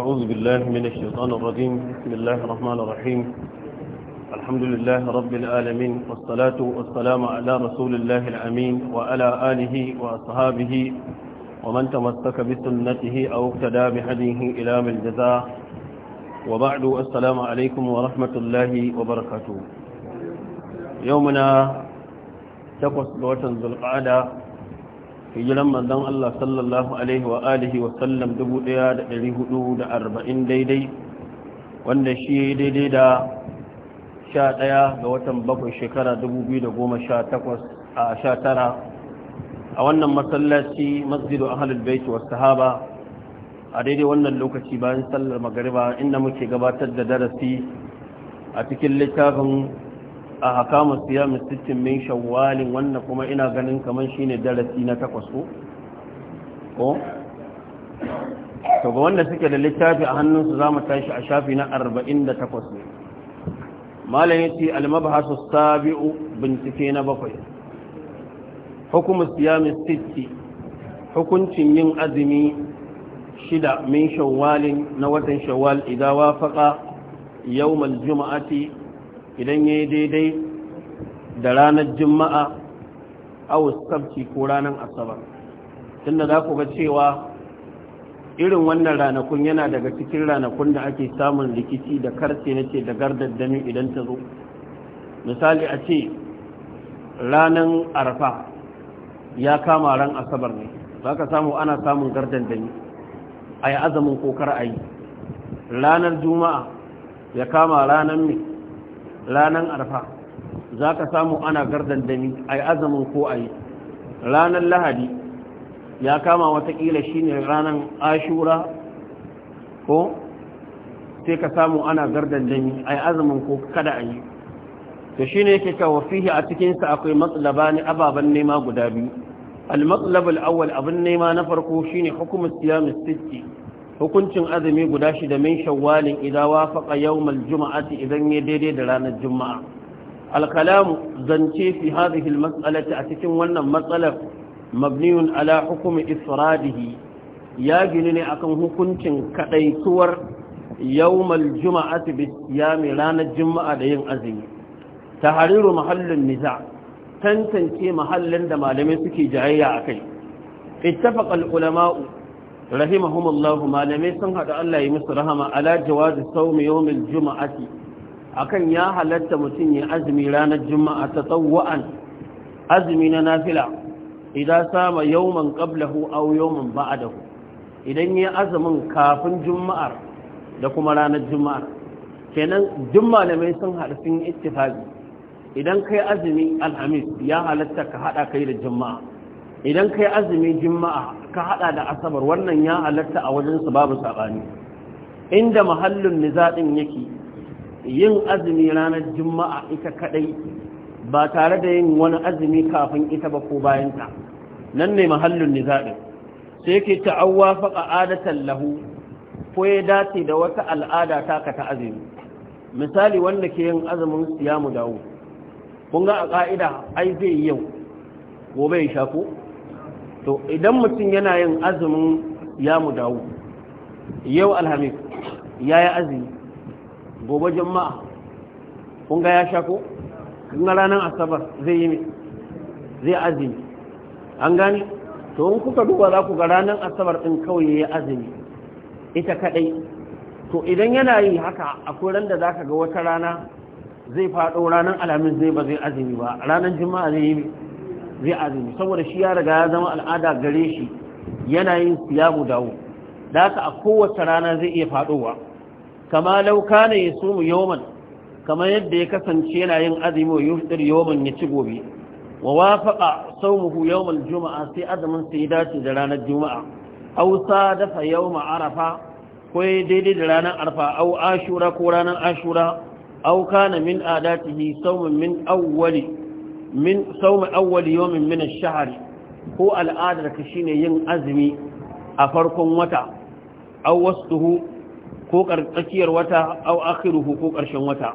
أعوذ بالله من الشيطان الرجيم بسم الله الرحمن الرحيم الحمد لله رب العالمين والصلاة والسلام على رسول الله الأمين وعلى آله وأصحابه ومن تمسك بسنته أو اقتدى بهديه إلى من الجزاء وبعد السلام عليكم ورحمة الله وبركاته يومنا تقص بوتن ذو القعدة hijiran manzon Allah sallallahu alaihi wa alihi wa sallam 1440 daidai wanda shi daidai da 11 ga watan bakwai shekara 2018 a 19 a wannan masallaci masjidu ahlul bait wa sahaba a daidai wannan lokaci bayan sallar magariba inda muke gabatar da darasi a cikin littafin a hakamu siya mistikin min shawwalin wannan kuma ina ganin kamar shine darasi na takwas ko ko to ga wanda suke da littafi a hannunsu za mu tashi a shafi na 48 ne malam yace al-mabhasu sabi'u bincike na bakwai hukumu siya mistikin hukuncin yin azumi shida min shawwalin na watan shawwal idza wafaqa yawm al-jum'ati idan ya yi daidai da ranar juma'a awus sabci ko ranar asabar tun da za ku ga cewa irin wannan ranakun yana daga cikin ranakun da ake samun rikici da karce na ce da gardaddami idan ta zo misali a ce ranar arfa ya kama ran asabar ne za ka samu ana samun gardaddami a yi azamin kokar a yi ranar juma'a ya kama ranar mai ranar arfa za ka samu ana gardandami a yi azumin ko a yi ranar lahadi ya kama watakila shi ne ranar ashura ko sai ka samu ana gardandami a yi azumin ko kada a yi to shi ne yake kawo fihi a cikinsa akwai matsalaba ne ababen nema guda biyu al-matsalabal awwal abin nema na farko shine hukumar siyamis sitti hukuncin azumi guda shida min shawwalin idan wafaqa yawmal juma'ati idan ya daidai da ranar juma'a alkalamu zance fi hadhihi almas'alati a cikin wannan matsalar mabniyun ala hukumi isradihi ya gini ne akan hukuncin kadaituwar yawmal juma'ati bi siyami ranar juma'a da yin azumi tahriru mahallin niza tantance mahallin da malamai suke jayayya akai ittafaqa al-ulama'u rahimahumullahu malamai sun haɗa Allah ya musu rahama ala jawazi sawmi yawmil juma'ati akan ya halatta mutum ya azumi ranar juma'a ta tsawwa'an azumi na nafila idan sama yawman qablahu aw yawman ba'dahu idan ya azumin kafin juma'ar da kuma ranar juma'ar kenan duk malamai sun haɗu sun ittifaqi idan kai azumi alhamis ya halatta ka haɗa kai da juma'a idan kai azumi juma'a ka hada da asabar wannan ya halatta a wajen su babu sabani inda mahallin nizadin yake yin azumi ranar juma'a ita kadai ba tare da yin wani azumi kafin ita ba ko bayanta, nan ne mahallin nizadin sai yake ta'awwa faqa adatan lahu ko ya dace da wata al'ada taka ta azumi misali wanda ke yin azumin siyamu dawo kun ga a ka'ida ai zai yau gobe ya shafu to idan mutum yana yin azumin ya mu dawo yau alhamis ya yi azumi gobe jama'a kun ga ya sha ko ga ranar asabar zai yi zai azumi an gane to in kuka duba za ku ga ranar asabar ɗin kawai ya yi azumi ita kadai to idan yana yi haka akwai ran da za ka ga wata rana zai faɗo ranar alhamis zai ba zai azumi ba ranar jama'a zai yi zai azumi saboda shi ya riga ya zama al'ada gare shi yana yin siyamu dawo da haka a kowace rana zai iya faɗowa kama lauka ne ya sumu yawon Kama yadda ya kasance yana yin azumi wa yufdir yawon ya ci gobe wa wafaqa sawmuhu yawon juma'a sai azumin sai dace da ranar juma'a Hausa dafa yawma arafa ko daidai da ranar arfa au ashura ko ranar ashura aukana kana min adatihi saumin min awwali min sauma awwal yawmin min ash-shahr ko al'adar ka shine yin azumi a farkon wata aw wasduhu ko tsakiyar wata aw akhiruhu ko karshen wata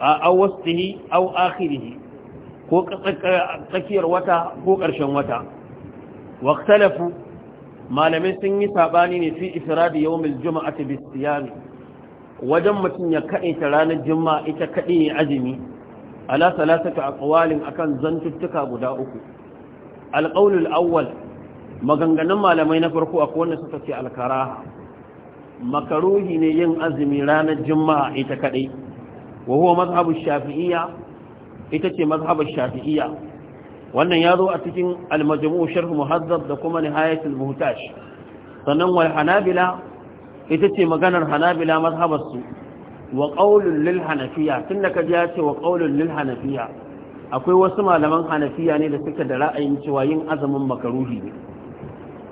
aw wasdihi aw akhirihi ko tsakiyar wata ko karshen wata waqtalafu malamai sun yi sabani ne fi ifradi yawmil juma'ati bis siyami wajen mutum ya kaɗaita ranar juma'a ita kaɗi ne azumi ala salasata aqwalin akan zantuttuka guda uku alqaulul awwal maganganun malamai na farko akwai wanda suka ce alkara makaruhi ne yin azumi ranar juma'a ita kadai wa huwa mazhabu shafi'iyya ita ce mazhabar shafi'iyya wannan ya zo a cikin al-majmu' sharh muhazzab da kuma nihayatul muhtaj sanan wal hanabila ita ce maganar hanabila mazhabar su wa qaulun lil hanafiya tunda ka ji ya ce wa qaulun lil hanafiya akwai wasu malaman hanafiya ne da suka da ra'ayin cewa yin azumin makaruhi ne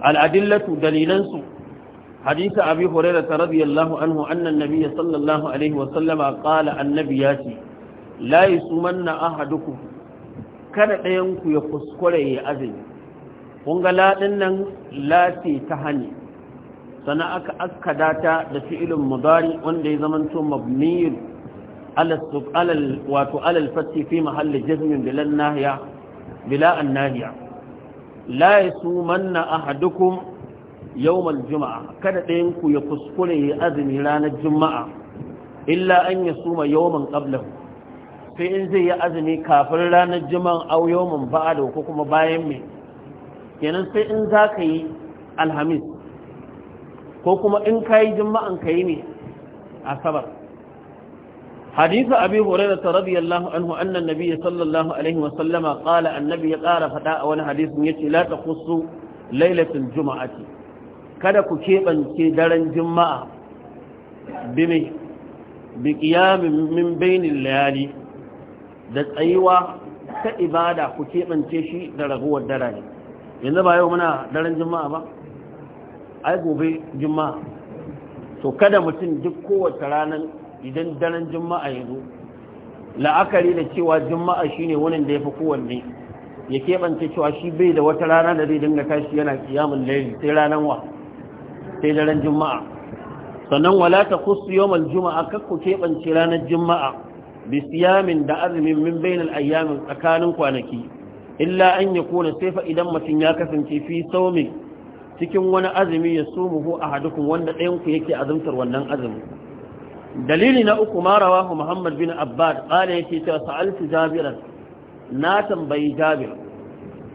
al'adillatu dalilan su hadisi abi hurairah radiyallahu anhu annan nabiyya sallallahu alaihi wa sallama qala annabi ya ce la yusumanna ahadukum kada ɗayan ku ya kuskure ya azumi kun ga ladin nan lati ta hani sana aka aska data da fi'ilin mudari wanda ya zamanto mabniyun alal wato alal fatti fi mahalli jazmin bilan nahiya bila an nahiya la yasumanna ahadukum yawmal juma'a kada ɗayan ku ya kuskure ya azumi ranar juma'a illa an ya yasuma yawman qablahu sai in zai yi azumi kafin ranar juma'a aw yawman da ko kuma bayan mai. kenan sai in za ka yi alhamis ko kuma in ka yi juma'an ka yi ne asabar hadisa abi hurairah radiyallahu anhu anna ya sallallahu alaihi wa sallama annabi ya ƙara faɗa a wani hadisin yace la taqussu Juma'a ce. kada ku keɓance daren juma'a bime bi qiyamin min bainin layali da tsayuwa ta ibada ku keɓance shi da raguwar dare yanzu ba yau muna daren juma'a ba ai gobe juma'a to kada mutum duk kowace ranar idan daren juma'a ya zo la'akari da cewa juma'a shine wani da ya fi kowanne ya keɓance cewa shi bai da wata rana da zai dinga tashi yana kiyamun laili sai ranar wa sai daren juma'a sannan wala ta kusu yawmal juma'a ku keɓance ranar juma'a bi siyamin da azumin min bainal ayyamin tsakanin kwanaki illa an ya kona sai fa idan mutum ya kasance fi saumin cikin wani azumi ya a ahadukum wanda ɗayanku yake azumtar wannan azumi dalili na uku ma rawahu muhammad bin abbad qala yake cewa sa'altu jabiran na tambayi jabir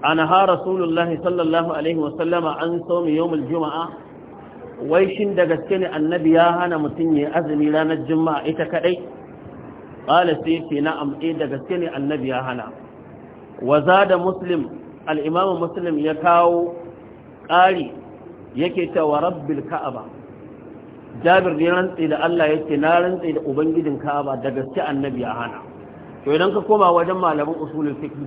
ana ha rasulullahi sallallahu alaihi wa sallama an sawmi yawmul juma'a wai shin da gaske ne annabi ya hana mutum ya azumi ranar juma'a ita kadai qala sai ce na eh da gaske ne annabi ya hana wa da muslim al muslim ya kawo ƙari yake ta wa rabbil ka'aba jabir ne rantsi da Allah yake na rantsi da ubangijin ka'aba da gaske annabi a hana to idan ka koma wajen malamin usulul fiqh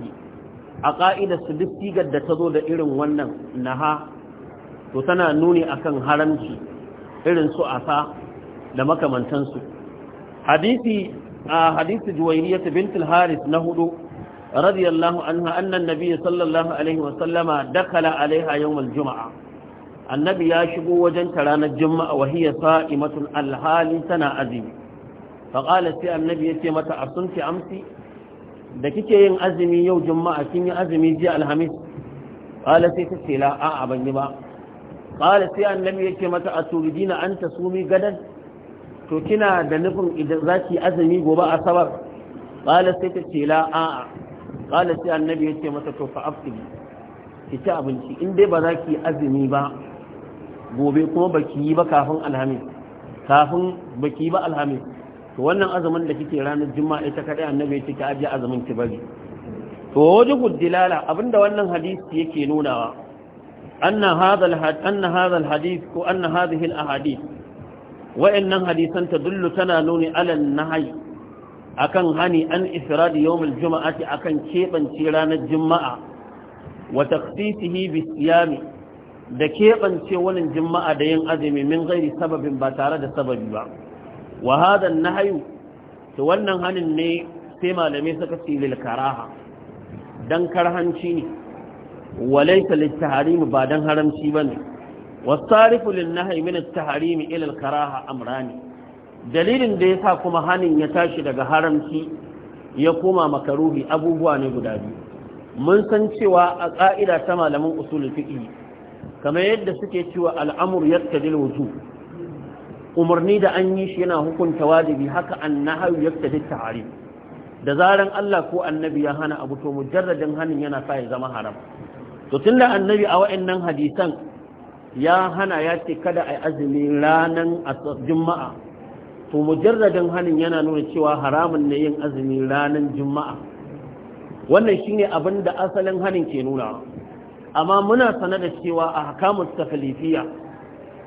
a ka'idar su duk da ta zo da irin wannan naha to tana nuni akan haramci irin su asa da makamantansu hadisi a hadisi juwayniyat bint al-haris na hudu رضي الله عنها أن النبي صلى الله عليه وسلم دخل عليها يوم الجمعة النبي ياشبو وجن تران الجمعة وهي صائمة الحال سنة عزيمة فقالت يا النبي يتيمة أصنت أمسي دكيك ين أزمي يو جمعة كين أزمي جاء الحميس قالت يتسي لا أعبن جماعة قالت يا النبي يتيمة أتوردين أن تصومي غدا to kina da nufin idan zaki azumi gobe asabar qala sai ta ce la a'a qala sai annabi ce masa to fa afkili ki ci abinci in dai ba za ki azumi ba gobe kuma baki yi ba kafin alhamis kafin baki yi ba alhamis to wannan azumin da kike ranar juma'a ita kadai annabi ce ki aje azumin ki bari to wajhu dilala abinda wannan hadisi yake nunawa anna hadha alhadith anna hadha alhadith ko anna hadhihi alahadith wa'annan hadisan tadullu tana nuni ala an-nahy akan hani an ifradi juma'a juma'ati akan keɓance ranar juma'a wa taqsisihi bi da keɓance wani juma'a da yin azumi min gairi sababin ba tare da sababi ba wa na nahyu to wannan hanin ne sai malamai suka ce lilkaraha. karaha karhanci ne walaysa lit ba dan haramci ba ne. Wasu nahyi min at tahrim ila al karaha amrani dalilin da ya sa kuma hannun ya tashi daga haramci ya koma makaruhi abubuwa ne guda biyu mun san cewa a ƙa'ida ta malamin usulul fiqh kamar yadda suke cewa al'amur yaktadil wuju umarni da an yi shi yana hukunta wajibi haka annahu yaktadil tahrim da zaran Allah ko annabi ya hana abu to mujarradin hannun yana sa ya zama haram to tunda annabi a wa'annan hadisan ya hana ya ce kada ai azumi ranar juma'a to mujarradin hanin yana nuna cewa haramun ne yin azumi ranar juma'a wannan shine abin da asalin hanin ke nuna amma muna sane da cewa a hakamun tafilifiya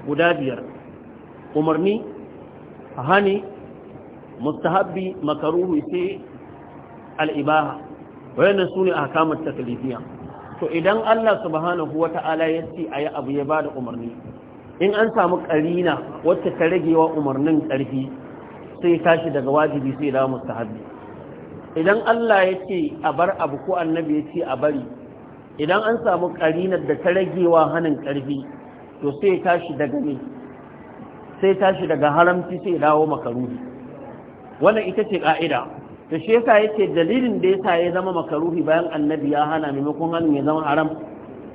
guda biyar umarni hani mustahabbi makaruhu sai al'ibaha wayannan su ne a hakamun tafilifiya to idan allah subhanahu wata'ala ya ce a yi abu ya ba da umarni in an samu ƙarina wacce ta rage umarnin ƙarfi sai tashi daga wajibi sai da mustahabi idan Allah ya ce a bar abu ko annabi ya ce a bari idan an samu ƙarinar da ta ragewa wa hannun ƙarfi to sai tashi daga ne sai tashi daga haramci sai dawo makaruhi wannan ita ce ƙa'ida Da shi yasa yake dalilin da ya sa ya zama makaruhi bayan annabi ya hana maimakon hannun ya zama haram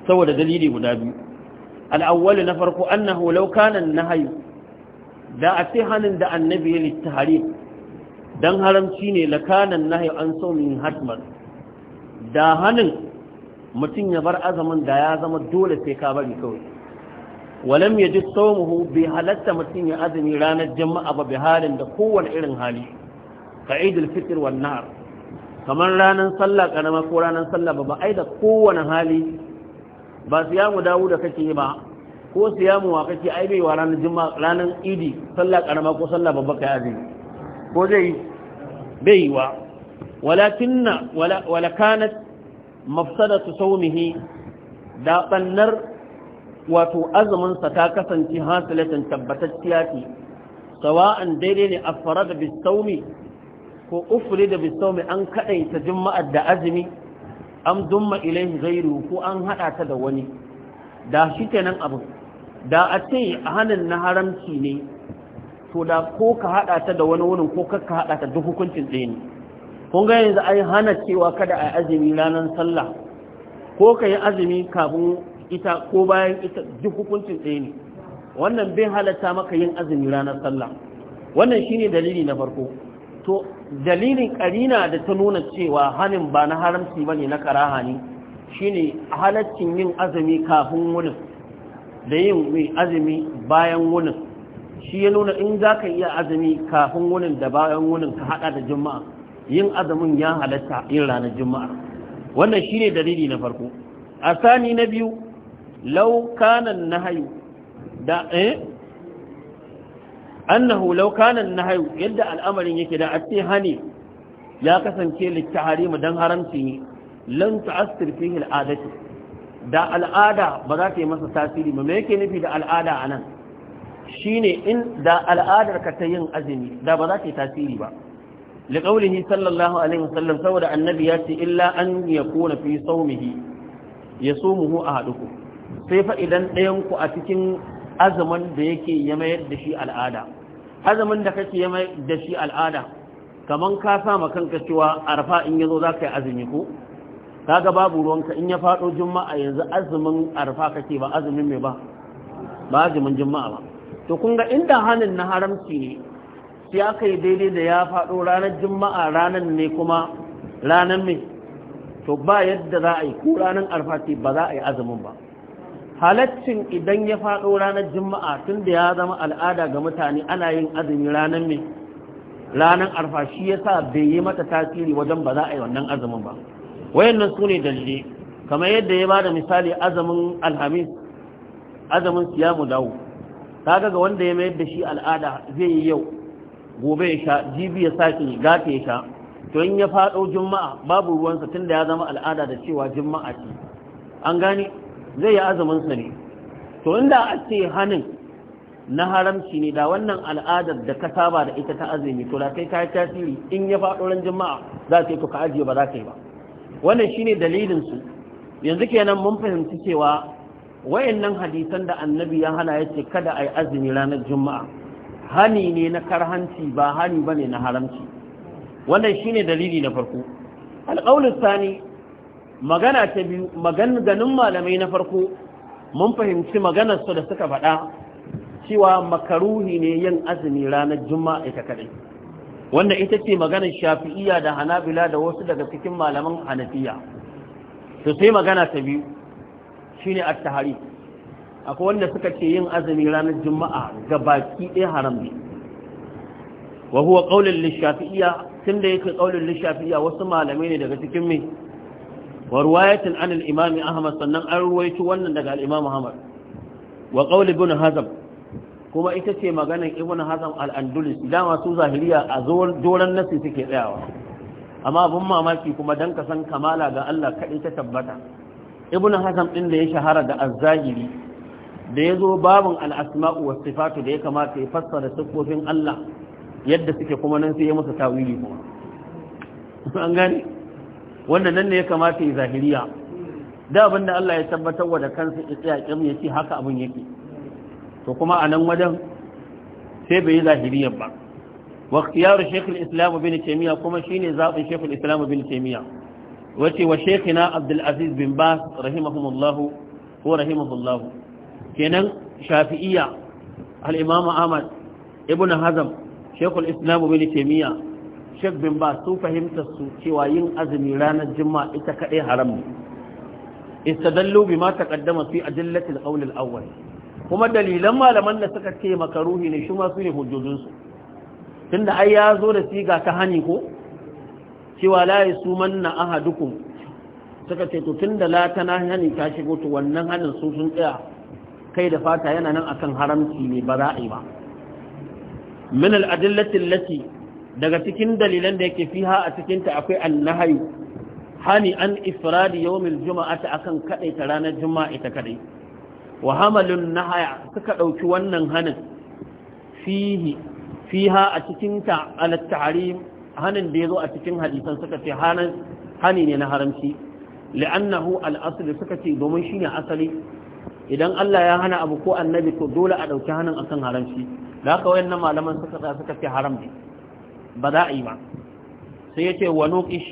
saboda dalili guda biyu al'awwal na farko annahu laukanan na nahyu da a ce hanin da annabi ya littahari don haramci ne lakanan nahi an min hatmar da hanin mutum ya bar azamin da ya zama dole sai ka bari kawai walam ya ji mu bai halatta mutum ya azumi ranar jama'a ba bai halin da kowane irin hali ka idil fitir wannan kamar ranar sallah karama ko ranar sallah ba ba ai da kowane hali ba siyamu dawo da kake ba ko siyamu wa kake ai bai wa ranar juma ranar idi sallah karama ko sallah babba kai azumi ko zai bai yi wa walakinna wala kanat mafsadatu sawmihi da bannar wato azumin ta kasance hasilatan tabbatacciya ce sawa'an daidai ne a fara da sawmi ko ufuri da sawmi an kadaita jima'ar da azumi am dumma ilaihi ghairu ko an hada ta da wani da shi kenan abu da a ce hanin na haramci ne to da ko ka hada ta da wani wurin ko ka hada ta duk hukuncin ɗaya ne kun ga yanzu ai hana cewa kada a azumi ranar sallah ko ka yi azumi kafin ita ko bayan ita duk hukuncin ɗaya ne wannan bai halatta maka yin azumi ranar sallah wannan shine dalili na farko to dalilin karina da ta nuna cewa hanin ba na haramci bane na karaha ne shine halaccin yin azumi kafin wunin da yin azumi bayan wunin shi ya nuna in za ka iya azumi kafin wunin da bayan wunin ka haɗa da juma'a yin azumin ya halatta yin ranar juma'a wannan shi ne dalili na farko a sani na biyu laukanan na hayu da eh annahu law kanan na nahyu yadda al'amarin yake da ace hane ya kasance littaharima dan haramci ne lan ta'assir fihi al'adatu da al'ada ba za ta yi masa tasiri ba me yake nufi da al'ada a Shi shine in da al'adar ka ta yin azumi da ba za ta yi tasiri ba liqaulihi sallallahu alaihi wasallam saboda annabi ya ce illa an kona fi sawmihi a haɗuku. sai fa idan ɗayan ku a cikin azumin da yake ya mayar da shi al'ada azumin da kake mai da shi al'ada kaman ka sa ma kanka cewa arfa in yazo zaka yi azumi ko kaga babu ruwanka in ya fado juma'a yanzu azumin arfa kake ba azumin mai ba ba azumin juma'a ba to kun ga inda hanin na haramci ne sai akai daidai da ya fado ranar juma'a ranar ne kuma ranar mai to ba yadda za a yi ko ranar arfa ce ba za a yi azumin ba halaccin idan ya faɗo ranar juma'a tun da ya zama al'ada ga mutane ana yin azumi ranar mai ranar arfa shi ya sa bai yi mata tasiri wajen ba za a yi wannan azumin ba wayannan su ne dalili kamar yadda ya bada misali azumin alhamis azumin siyamu dawo ta ga wanda ya mayar da shi al'ada zai yi yau gobe ya sha jibi ya saki gata ya sha to in ya faɗo juma'a babu ruwansa tun da ya zama al'ada da cewa juma'a ce an gane zai yi azumin sa ne to inda a ce hanin na haramci ne da wannan al'adar da ka saba da ita ta azumi to da kai ka yi tasiri in ya faɗo ran jama'a za ka yi to ka ajiye ba za ka yi ba wannan shine dalilin su yanzu kenan mun fahimci cewa wayannan hadisan da annabi ya hana yace kada ai azumi ranar juma'a hani ne na karhanci ba hani bane na haramci wannan shine dalili na farko alqaulu tsani magana ta biyu maganganun malamai na farko mun fahimci maganarsu da suka faɗa cewa makaruhi ne yin azumi ranar juma'a ita kaɗai wanda ita ce maganar shafi'iyya da hanabila da wasu daga cikin malaman hanafiya to sai magana ta biyu shine at-tahari akwai wanda suka ce yin azumi ranar juma'a ga baki ɗaya haram ne wa huwa qaulul lishafi'iyya tunda yake qaulul lishafi'iyya wasu malamai ne daga cikin mai wa ruwayatin an al Ahmad sannan an ruwaito wannan daga al-imam wa qawl ibn kuma ita ce maganar ibn Hazm al-Andalusi masu zahiriya a doron nasi suke tsayawa amma abun mamaki kuma dan ka san kamala ga Allah kadai ta tabbata ibn Hazm ɗin da ya shahara da az-zahiri da zo babun al-asma'u sifatu da ya kamata ya fassara siffofin Allah yadda suke kuma nan sai ya musu tawili kuma an gane wanda nan ne ya kamata ya zahiriya da abin da Allah ya tabbatar wa da kansa ya tsaya kyam ya ce haka abin yake to kuma a nan wajen sai bai yi zahiriyar ba wa ikhtiyar shaykh islam bin taymiya kuma shine zaɓin shaykh islam bin taymiya wace wa shaykhina abdul bin bas rahimahumullahu ko rahimahullahu kenan shafi'iyya al-imam ahmad ibn hazm shaykh al-islam bin taymiya Sheikh bin ba su fahimta su cewa yin azumi ranar juma'a ita kadai haram ne istadallu ma taqaddama fi adillati al-qawl al-awwal kuma dalilan malaman da suka ce makaruhi ne shuma su ne hujjojin su tunda ai ya zo da siga ta hani ko cewa la yasumanna ahadukum suka ce to tunda la na hani ta shigo to wannan hanin su sun tsaya kai da fata yana nan akan haramci ne ba za a ba min al-adillati allati daga cikin dalilan da yake fiha a cikinta akwai annahayu hani an ifradi yawmil juma'ata akan kadai ta ranar juma'a ita kadai wa hamalun nahaya suka dauki wannan hanin fihi fiha a cikinta ala tahrim hanin da yazo a cikin hadisan suka ce hanin hani ne na haramci li'annahu al-asl suka ce domin shine asali idan Allah ya hana abu ko annabi to dole a dauki hanin akan haramci da haka wayannan malaman suka suka ce haram ne ba za a yi ba sai ya ce wano ƙish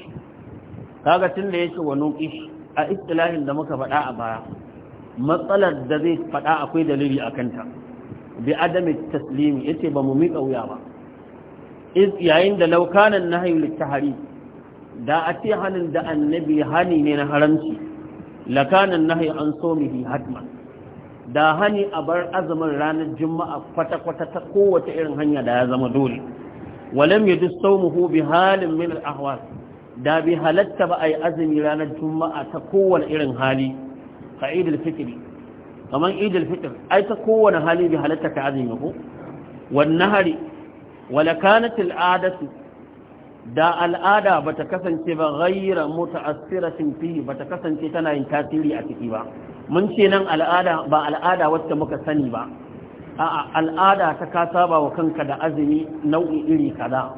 kaga tun da ya ce wano ƙish a istilahin da muka faɗa a baya matsalar da zai faɗa akwai dalili a kanta bi adami taslimi ya ce ba mu miƙa wuya ba yayin da laukanan na hayu littahari da a ce hannun da annabi hani ne na haramci lakanan na hayu an so mihi hatma, da hani a bar azumin ranar juma'a kwata-kwata ta kowace irin hanya da ya zama dole walam yajuz sawmuhu bi halin min al-ahwal da bi halatta ba a yi azumi ranar juma'a ta kowane irin hali ka idil fitri Kamar idil fitr ai ta kowane hali bi halatta ka azumi ko wan nahari wala kanat al-adatu da al'ada ba ta kasance ba gaira mota asiratin fiye ba ta kasance tana yin tasiri a ciki ba mun ce nan al'ada ba al'ada wacce muka sani ba A'a, al'ada ta ka saba wa kanka da azumi nau'i iri kaza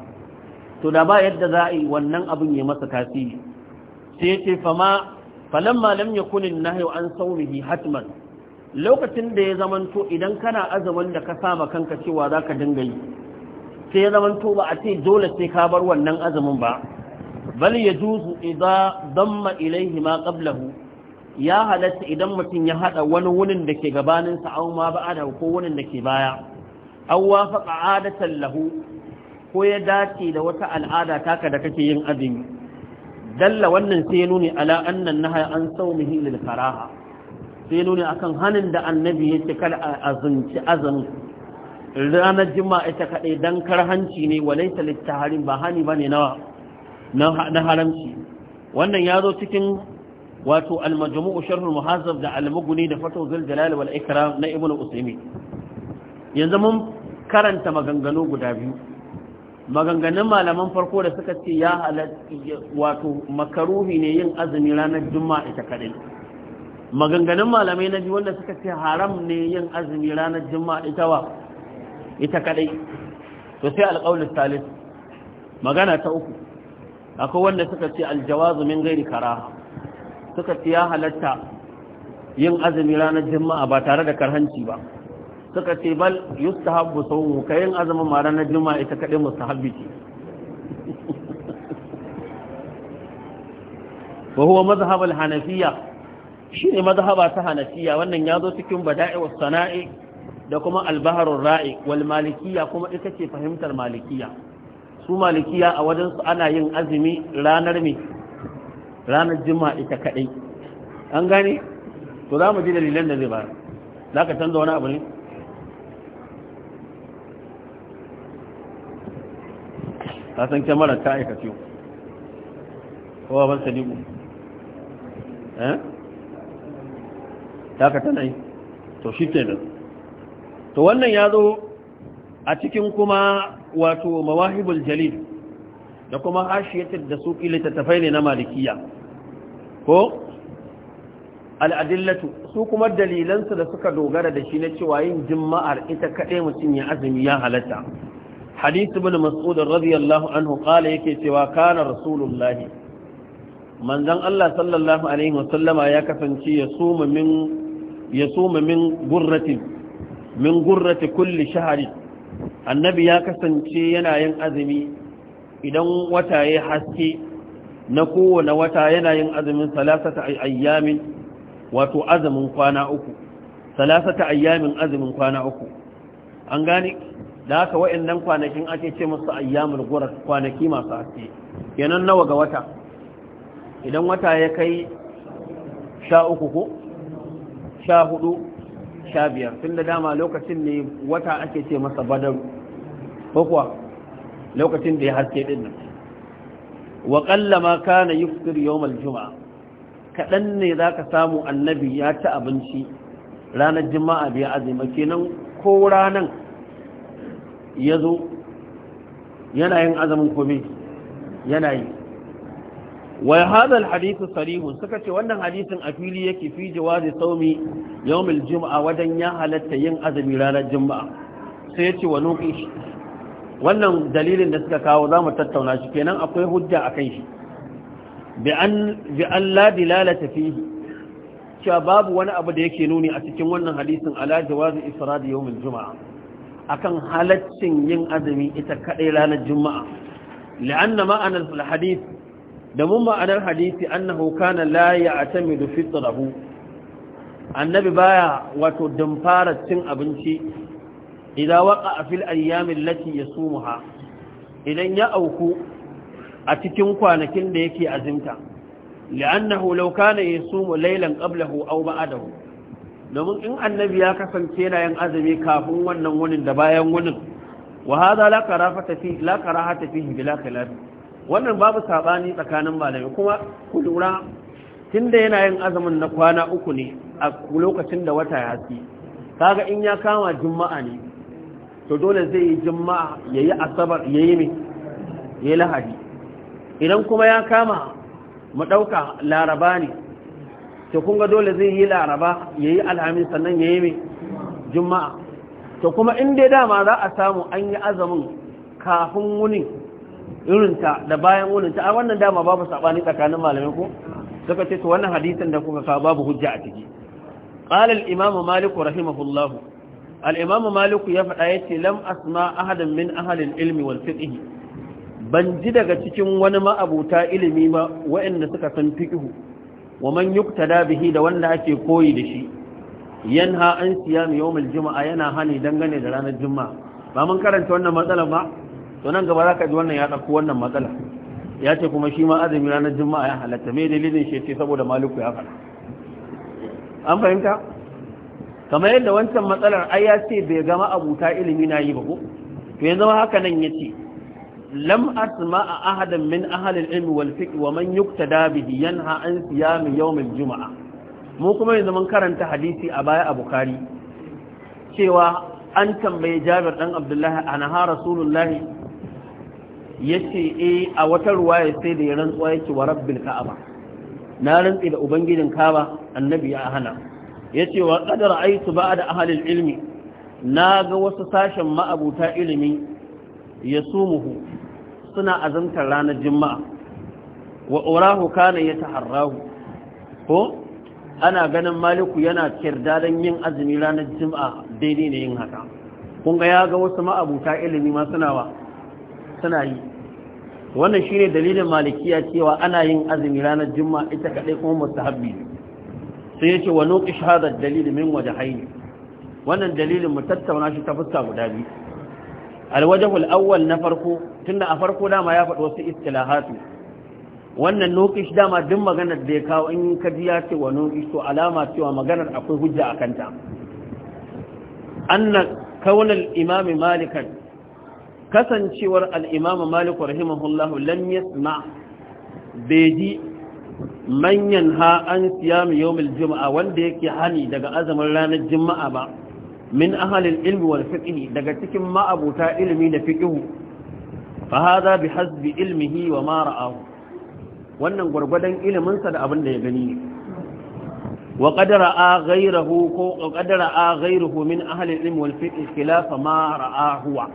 to da ba yadda za a yi wannan abin ya masa tasiri sai ce fama falamma lam yakunin nahyu an sawmihi hatman lokacin da ya zamanto idan kana azumin da ka sama kanka cewa za ka dinga yi sai ya zamanto ba a ce dole sai ka bar wannan azumin ba bal yajuzu idza damma ilayhi ma qablahu ya halatta idan mutum ya haɗa wani wunin da ke gabaninsa an ma ba da ko wunin da ke baya an wafa ƙa'adatan lahu ko ya dace da wata al'ada taka da kake yin azumi dalla wannan sai nuni ala annan nahaya an saumihi lil karaha sai nuni akan hanin da annabi yake kar azumci azumin ranar juma'a ita kadai dan karhanci ne walaysa littaharin ba hani bane nawa na haramci wannan ya zo cikin wato al-majmu'u sharh al-muhazzab da al-mughni da fatu zal jalal wal ikram na ibnu usaymi yanzu mun karanta maganganu guda biyu maganganun malaman farko da suka ce ya halatta wato makaruhi ne yin azumi ranar juma'a ita kadai maganganun malamai na biyu wanda suka ce haram ne yin azumi ranar juma'a ita wa ita kadai to sai alƙawlin salis magana ta uku akwai wanda suka ce aljawazu min gairi karaha suka ce ya halatta yin azumi ranar juma'a ba tare da karhanci ba suka ce bal yustahabbu sawmu kayin azumin ma ranar juma'a ita kadai mustahabbi ce wa huwa mazhab al-hanafiyya shine mazhaba ta hanafiya wannan yazo cikin bada'i was sana'i da kuma al-bahr ar-ra'i wal malikiyya kuma ita ce fahimtar malikiyya su malikiya a wajen su ana yin azumi ranar me ranar juma'a ita kadai an gane to za mu ji dalilan da zai bayar za ka canza wani abu ne ka san kyamara ta aika ciwo kowa ban sadiku eh ta ka tana yi to shi nan to wannan ya zo a cikin kuma wato mawahibul jalil da kuma hashiyatar da su ƙilita tafai ne na malikiya ko al'adillatu su kuma dalilansu da suka dogara da shi na cewa yin jima'ar ita kaɗai mutum ya azumi ya halatta hadisu bin mas'ud radiyallahu anhu qala yake cewa kana rasulullahi manzon Allah sallallahu alaihi wasallama ya kasance ya suma min gurrati min gurrati kulli shahari annabi ya kasance yana yin azumi idan wata ya haske na kowane wata yana yin azumin salasata ayyamin wato azumin kwana uku salasata ayyamin azumin kwana uku an gane da haka wa'annan kwanakin ake ce musu ayyamin gura kwanaki masu haske Yanan nawa ga wata idan wata ya kai sha uku ko sha hudu sha biyar tun da dama lokacin ne wata ake ce masa badaru ko kuwa lokacin da ya haske din nan wa qallama kana yuftir yawm al-jum'a kadan ne zaka samu annabi ya ci abinci ranar juma'a bai azumi kenan ko ranan yazo yana yin azumin kome yana yi wa hadha al-hadith sarih suka ce wannan hadisin a fili yake fi jawazi saumi yawm al-jum'a wadan ya halatta yin azumi ranar juma'a sai ya ce wa nuqish wannan dalilin da suka kawo za mu tattauna shi kenan akwai hujja a kan shi bi an ladi lalata fihi cewa babu wani abu da yake nuni a cikin wannan hadisin ala Isra da yawmin juma'a akan halaccin yin azumi ita kadai ranar juma'a la'anna ma'anar hadith da mun ma'anar hadisi annahu kana la ya'tamidu fitrahu annabi baya wato dumfara cin abinci idza waqa fil ayyam allati yasumuha idan ya auku a cikin kwanakin da yake azimta li'annahu law kana yasumu laylan qablahu aw ba'dahu domin in annabi ya kasance yana yin azumi kafin wannan wunin da bayan wunin wa hadha la karafata fi la karahata fihi bila khilaf wannan babu sabani tsakanin malamai kuma ku lura tunda yana yin azumin na kwana uku ne a lokacin da wata ya ci kaga in ya kama juma'a ne to dole zai yi juma'a ya yi asabar ya yi mai lahadi idan kuma ya kama mu ɗauka laraba ne to kunga dole zai yi laraba ya yi alhamis sannan ya yi mai juma'a to kuma in dai dama za a samu an yi azamin kafin wunin irinta da bayan wuninta a wannan dama babu saɓani tsakanin malamai ko suka ce to wannan hadisin da kuka ka babu hujja a ciki qala al-imam malik rahimahullahu al'imam maliku ya faɗa ya ce lam asma ahadan min ahalin ilmi wal fiqhi ban ji daga cikin wani ma'abuta ilimi ba waɗanda suka san fiqhu wa man yuktada bihi da wanda ake koyi da shi yanha an siyam yawmul juma'a yana hani dangane da ranar juma'a ba mun karanta wannan matsala ba to nan gaba za ka ji wannan ya dauko wannan matsala ya ce kuma shi ma azumi ranar juma'a ya halatta me dalilin shi ce saboda maliku ya faɗa an fahimta kamar yadda wancan matsalar ai ya ce bai gama abuta ilimi na yi ba ko to yanzu haka nan yace lam asma ahadan min ahli al-ilm wal fiqh wa man yuktada bihi yanha an siyam yawm al-jum'a mu kuma yanzu mun karanta hadisi a baya a bukhari cewa an tambaye Jabir dan Abdullah ha rasulullahi yace eh a wata ruwaya sai da ya rantsuwa yake wa rabbil ka'aba na rantsi da ubangijin Kaba, annabi ya hana yace wa qad ra'aytu ba'da ahli ilmi na ga wasu sashen ma'abuta ilimi yasumuhu suna azantar ranar juma'a wa urahu kana yataharrahu ko ana ganin maliku yana kirdadan yin azumi ranar juma'a daidai ne yin haka kun ga ya ga wasu ma'abuta ilimi ma suna suna yi wannan shine dalilin malikiya cewa ana yin azumi ranar juma'a ita kadai kuma mustahabbi sai yace wa nuqish hada dalilin min wajhayn wannan dalilin mu tattauna shi ta fuska guda biyu alwajahul awwal na farko tunda a farko dama ya faɗi wasu istilahatu wannan nuqish dama duk maganar da ya kawo in ka ji ya ce wa nuqish to alama cewa maganar akwai hujja a kanta anna kaunal al-imam malikan kasancewar al-imam malik rahimahullah lam yasma bai ji man yanha an siyami yawmil juma'a wanda yake hani daga azumin ranar juma'a ba min ahalil ilmi wal fiqh daga cikin ma'abuta ilimi da fiƙihu, fa hada bi hasbi ilmihi wa ma ra'ahu wannan gwargwadon iliminsa sa da abin da ya gani wa qadara a ghayrahu ko qadara a ghayruhu min ahalil ilmi wal fiqh khilafa ma ra'ahu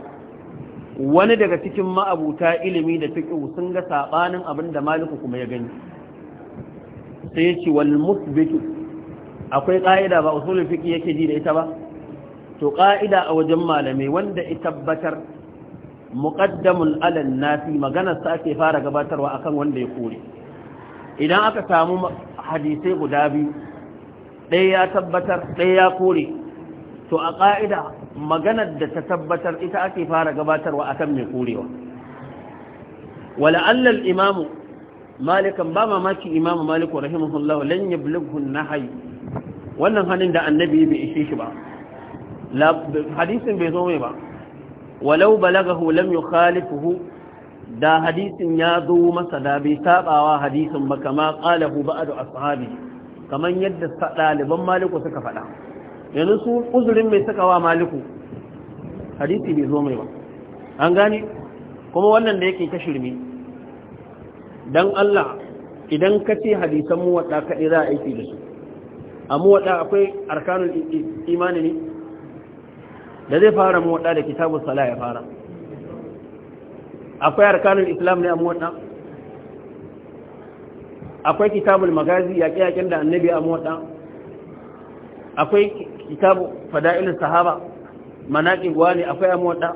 wani daga cikin ma'abuta ilimi da fiqh sun ga sabanin abin da maliku kuma ya gani sai yace wal akwai ƙa'ida ba usulul fiqh yake ji da ita ba to ƙa'ida a wajen malamai wanda ita tabbatar muqaddamun alal nafi maganar sa ake fara gabatarwa akan wanda ya kore idan aka samu hadisai guda biyu ɗaya ya tabbatar ɗaya ya kore to a ƙa'ida maganar da ta tabbatar ita ake fara gabatarwa akan mai korewa wala'allal imamu malikan ba mamaki imamu maliku rahimahullahu lan yablughu nahyi wannan hannun da annabi bai ishe shi ba hadisin bai zo mai ba walau balagahu lam yukhalifuhu da hadisin ya zo masa da bai tabawa hadisin ba kama qalahu ba'du ashabi kaman yadda ɗaliban maliku suka faɗa yanzu su uzurin mai suka wa maliku hadisi bai zo mai ba an gane kuma wannan da yake ta shirme dan Allah idan ka ce hadisan muwaɗa kaɗai za a aiki da su a muwaɗa akwai arkanul imani ne da zai fara muwaɗa da kitabun sala ya fara akwai arkanul islam ne a muwaɗa akwai kitabul magazi yaƙe-yaƙen da annabi a muwaɗa akwai kitabu fada'ilin sahaba manaƙin ne akwai a muwaɗa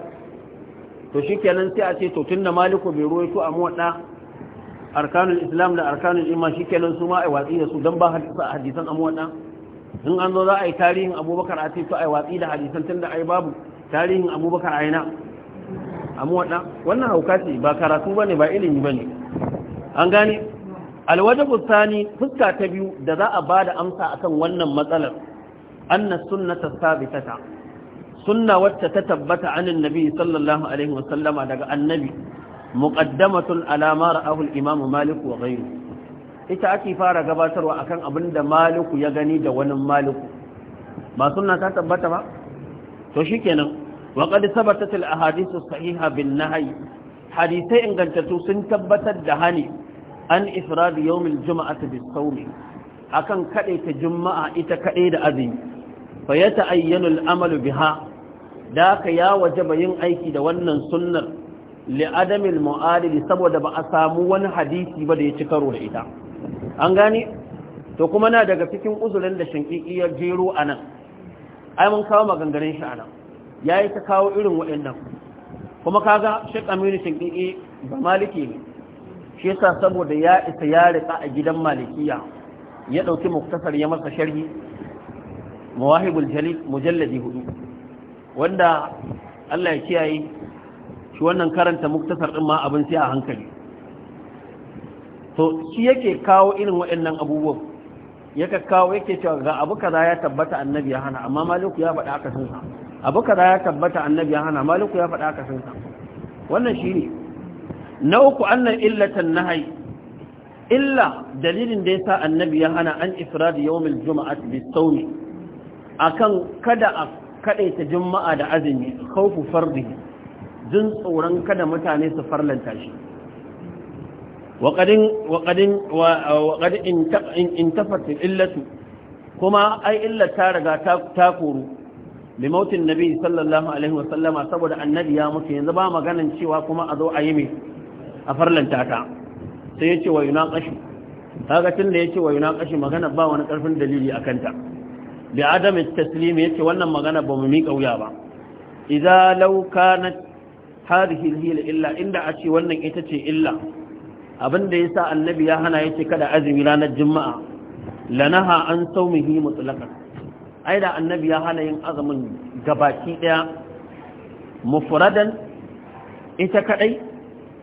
to shi kenan sai a ce to tun da maliku bai ruwaito a muwaɗa arkanul islam da arkanul iman shikenan su ma ai watsi da su don ba hadisan amu wadan in an zo za a yi tarihin abubakar a ce to ai watsi da hadisan tunda ai babu tarihin abubakar a yana amu wadan wannan hauka ce ba karatu ba ne ba ilimi ba ne. an gane alwajibu tsani fuska ta biyu da za a ba da amsa akan wannan matsalar anna sunnata sabitata sunna wacce ta tabbata anin nabi sallallahu alaihi wasallama daga annabi muqaddamatun ala ma ra'ahu al-imam malik ita ake fara gabatarwa akan abin da maliku ya gani da wani maliku ba suna ta tabbata ba to shikenan wa qad thabatat al-ahadith as-sahiha bin nahy hadithai ingantattu sun tabbatar da hani an ifrad yawm al-jum'ati bis-sawm akan ta juma'a ita kadai da azumi fa yata'ayyanu al-amalu biha da ka ya wajaba yin aiki da wannan sunnar Liadamin mu'adili saboda ba a samu wani hadisi ba da ya ci karo da ita an gane to kuma na daga cikin uzurin da shinkiki ya jero a nan ai mun kawo maganganun shi a nan ya yi ta kawo irin waɗannan kuma kaga shi aminu shinkiki ba maliki ne shi yasa saboda ya isa ya rika a gidan malikiya ya ɗauki muktasar ya masa sharhi mawahibul jalil mujalladi hudu wanda Allah ya kiyaye shi wannan karanta muktasar ɗin ma abin sai a hankali to shi yake kawo irin waɗannan abubuwan yake kawo yake cewa ga abu kaza ya tabbata annabi ya hana amma maliku ya faɗa aka sunsa abu kaza ya tabbata annabi ya hana maliku ya faɗa aka sunsa wannan shi ne. na uku annan illatan nahyi illa dalilin da ya sa annabi ya hana an ifrad yawmil juma'ati bisawmi akan kada a kadaita juma'a da azumi khawfu fardihi jin tsoron kada mutane su farlanta shi waƙadin in tafartin illatu kuma ai illar ta riga ta koru limautin nabi sallallahu alaihi wasallama saboda annabi ya mutu yanzu ba maganin cewa kuma a zo a yi mai a farlanta ta sai ya ce wa yuna ƙashi kaga da ya ce wa yuna ƙashi magana ba wani ƙarfin dalili a kanta bi adam taslim ya ce wannan magana ba mu miƙa wuya ba idza law kanat hadhihi hiya illa inda a ce wannan ita ce illa abinda yasa annabi ya hana yace kada azumi ranar juma'a lanaha an saumihi mutlaqan ai annabi ya hana yin azumin gabaki daya mufradan ita kadai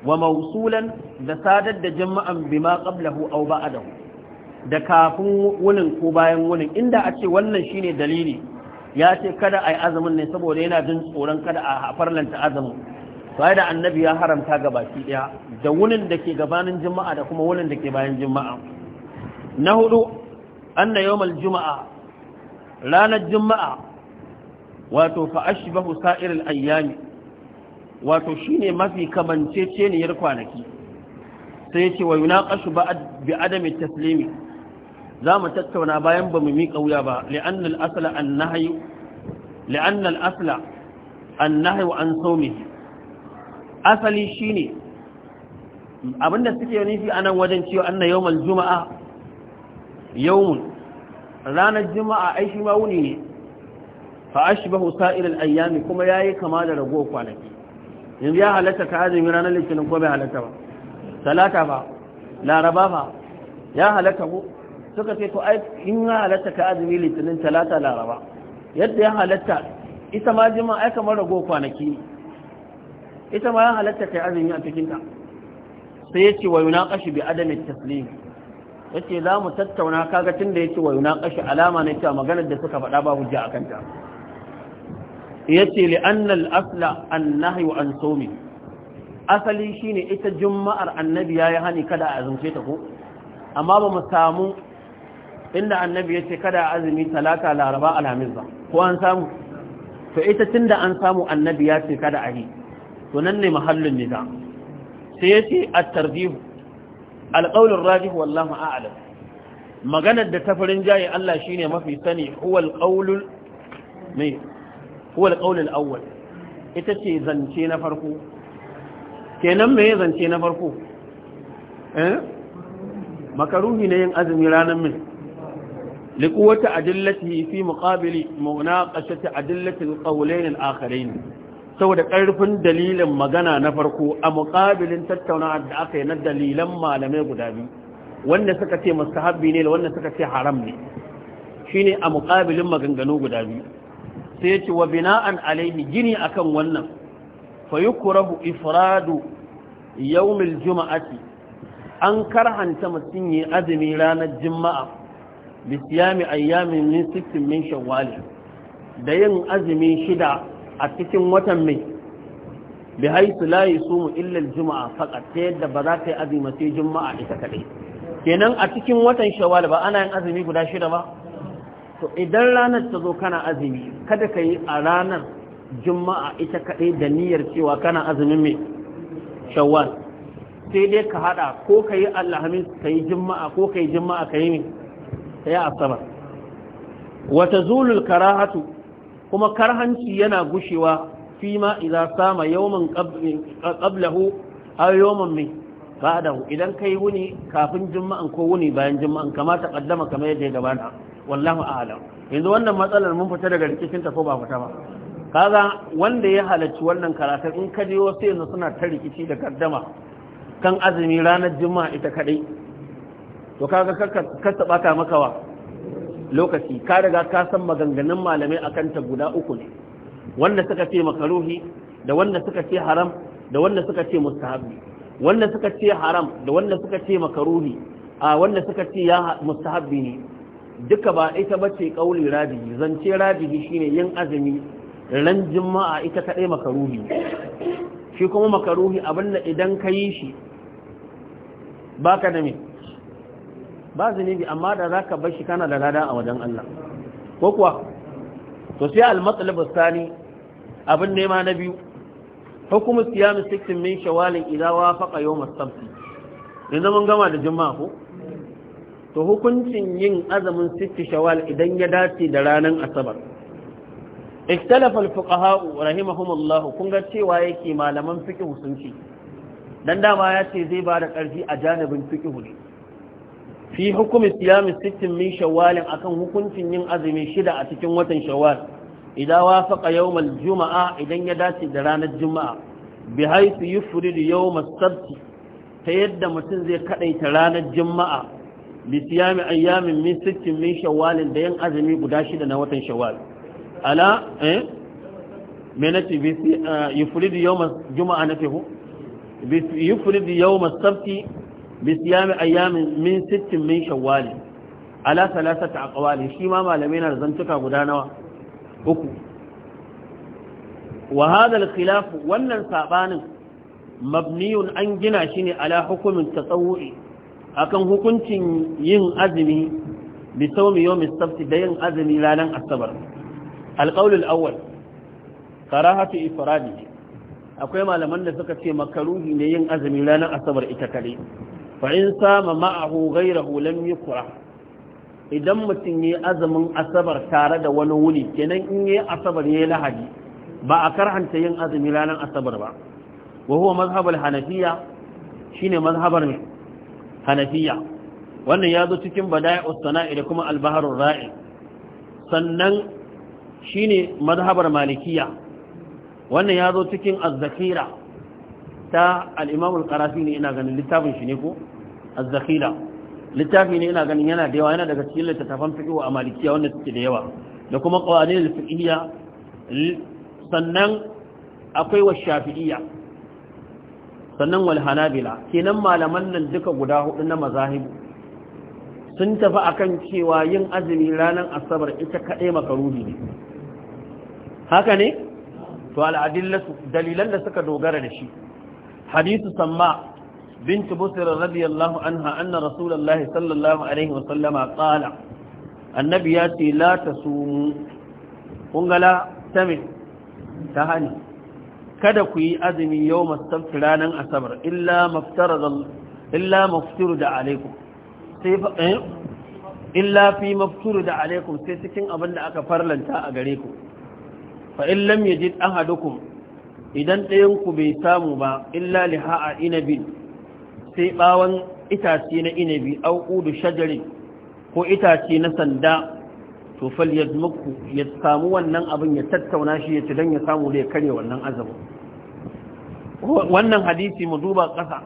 wa mawsulan da sadar da jama'an bima qablahu aw ba'dahu da kafin wunin ko bayan wunin inda a ce wannan shine dalili ya ce kada ai azumin ne saboda yana jin tsoron kada a farlanta azumin sai da annabi ya haramta ga baki daya da wunin da ke gabanin juma'a da kuma wunin da ke bayan juma'a na hudu anna yawmal juma'a ranar juma'a wato fa ashbahu sa'iril ayyami wato shine mafi kamanceceniyar kwanaki sai ce wa yunaqashu bi adami taslimi za mu tattauna bayan ba mu miƙa wuya ba li'anna al-asla an-nahyu al-asla an-nahyu an sawmihi asali shi shine abinda suke nufi a nan wajen cewa anna yawmal juma'a yawmun ranar juma'a ai shi ma wuni ne fa ashbahu sa'ir al-ayyami kuma yayi kama da rago kwanaki yanzu ya halatta ka azumi ranar litinin ko bai halatta ba talata ba laraba ba ya halatta ko suka ce to ai in ya halatta ka azumi litinin talata laraba yadda ya halatta ita ma juma'a ai kamar rago kwanaki ne ita ma ya halatta kai azumi a cikin ta sai ya ce wa yunaqashi bi adami taslim yace za mu tattauna kaga tunda yace wa yunaqashi alama ne cewa maganar da suka faɗa ba hujja akan ta yace li anna al asla an wa an sawmi asali shine ita juma'ar annabi yayi hani kada a azumce ta ko amma ba mu samu inda annabi yace kada azumi talata laraba alhamis ba ko an samu to ita tunda an samu annabi ya ce kada a yi to nan ne mahallin nida. sai ya ce a tarjihu alƙaunin rajihu wallahu a'alam maganar da tafarin jayi Allah shi ne mafi sani huwal ƙaunin awwal ita ce zance na farko kenan me zance na farko eh makaruhi ne yin azumi ranar min liƙuwata adillati fi muƙabili munaqashati adillati alqawlayn alakhirin saboda ƙarfin dalilin magana na farko a muƙabilin tattaunawar da aka yi na dalilan malamai guda biyu wanda suka ce mustahabbi ne da wanda suka ce haram ne shine a muƙabilin maganganu guda biyu sai ya ce wa bina'an alaihi gini akan wannan fa yukrahu ifradu juma'a juma'ati an karhanta mutum yi azumi ranar juma'a bi ayyamin min sittin min shawwal da yin azumi shida a cikin watan mai bi haisu la sumu illal juma'a faqat ta yadda ba za ta yi azumi sai juma'a ita kadai kenan a cikin watan shawwal ba ana yin azumi guda shida ba to idan ranar ta zo kana azumi kada ka yi a ranar juma'a ita kadai da niyyar cewa kana azumin mai shawwal sai dai ka haɗa ko ka yi alhamis ka yi juma'a ko ka yi juma'a ka yi mai ka yi asabar wata zulul karahatu kuma karhanci yana gushewa fi ma idza sama yawman qablahu aw yawman min ba'dahu idan kai wuni kafin juma'an ko wuni bayan juma'an kamata kaddama kamar yadda ya gabata wallahu a'lam yanzu wannan matsalar mun fita daga rikicin ta ko ba fita ba kaga wanda ya halarci wannan karatun in ka je wasu yanzu suna ta rikici da kaddama kan azumi ranar juma'a ita kadai to kaga ka ka maka wa lokaci ka riga ka san maganganun malamai akan ta guda uku ne wanda suka ce makaruhi da wanda suka ce haram da wanda suka ce mustahabi wanda suka ce haram da wanda suka ce makaruhi a wanda suka ce ya mustahabi ne duka ba ita bace kauli rajihi zance rajihi shine yin azumi ran juma'a ita kadai makaruhi shi kuma makaruhi abinda idan ka yi shi baka da me ba zunubi amma da zaka bar shi kana da lada a wajen Allah ko kuwa to sai al-matlab Sani abin nema na biyu hukumu siyam sittin min shawalin idza wafaqa yawm as-sabt idan mun gama da juma'a ko to hukuncin yin azumin sitti shawal idan ya dace da ranar asabar اختلف الفقهاء رحمهم الله kun ga cewa yake malaman fiqh sun ce dan dama ya ce zai ba da ƙarfi a janibin fiqh ne fi hukumin siyami sittin min shawwalin akan hukuncin yin azumi shida a cikin watan shawwal idan wafaqa yawmal juma'a idan ya dace da ranar juma'a bi haythu yufridu yawmas sabt ta yadda mutum zai kaɗaita ranar juma'a bi siyami ayyamin min sittin min shawwalin da yin azumi guda shida na watan shawwal ala eh menati bi eh, yufridu yawmas juma'a hu bi yufridu yawmas sabt bisiyami ayyamin min sittin min shawwali ala salasata aqwali shi ma malamai na zantuka guda nawa uku wa hadha wannan saɓanin mabniyun an gina shi ne ala hukumin tatawwu'i akan hukuncin yin azumi bi sawmi yawmi da yin azumi ranar asabar al-qawl al-awwal akwai malaman da suka ce makaruhi ne yin azumi ranar asabar ita kare fa'in sama ma'ahu gairahu lam yi kura idan mutum yi azumin asabar tare da wani wuni kenan in yi asabar ya yi lahadi ba a karhanta yin azumi ranar asabar ba wa huwa mazhabar hanafiya shi ne mazhabar hanafiya wannan ya zo cikin bada'i ustana da kuma albaharun ra'i sannan shi ne mazhabar malikiya wannan ya zo cikin azzakira ta al’imamul imam ne ina ganin littafin shi ne ko az-zakhila littafi ne ina ganin yana da yawa yana daga cikin littattafan fiqh wa malikiya wanda suke da yawa da kuma qawanin al sannan akwai wa shafi'iyya sannan wal hanabila kenan malaman nan duka guda hudu na mazahibu sun tafi akan cewa yin azumi ranar asabar ita kaɗai makaruhi ne haka ne to al'adillatu dalilan da suka dogara da shi hadisu samma بنت بسر رضي الله عنها أن رسول الله صلى الله عليه وسلم قال النبي ياتي لا تصوموا قنغلا تمت تهني kada ku yi azumi yau masu ranar asabar illa mafturu da alaikum illa fi mafturu da alaikum sai cikin abin da aka farlanta a gare ku fa'in lam yajid ahadukum idan ɗayanku bai samu ba illa liha'a inabi sai ɓawon itace na inabi au ƙudu shajari ko itace na sanda to fal ya ya samu wannan abin ya tattauna shi ya ci don ya samu da ya karya wannan azabin wannan hadisi mu duba ƙasa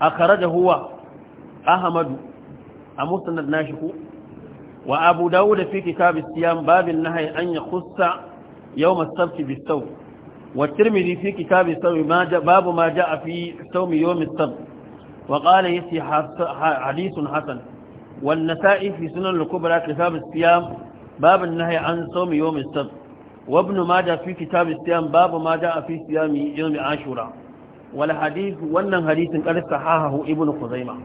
a kare da huwa ahmadu a musnad nashi ku wa abu da fi kitabis siyam babin nahyi an yakhussa kusa yau masu bis والترمذي في كتاب الصوم ما جاء باب ما جاء في صوم يوم السبت وقال يسي حديث حسن والنسائي في سنن الكبرى كتاب الصيام باب النهي عن صوم يوم السبت وابن ماجه في كتاب الصيام باب ما جاء في صيام يوم عاشوراء والحديث wannan hadisin kada sahahu ibnu khuzaima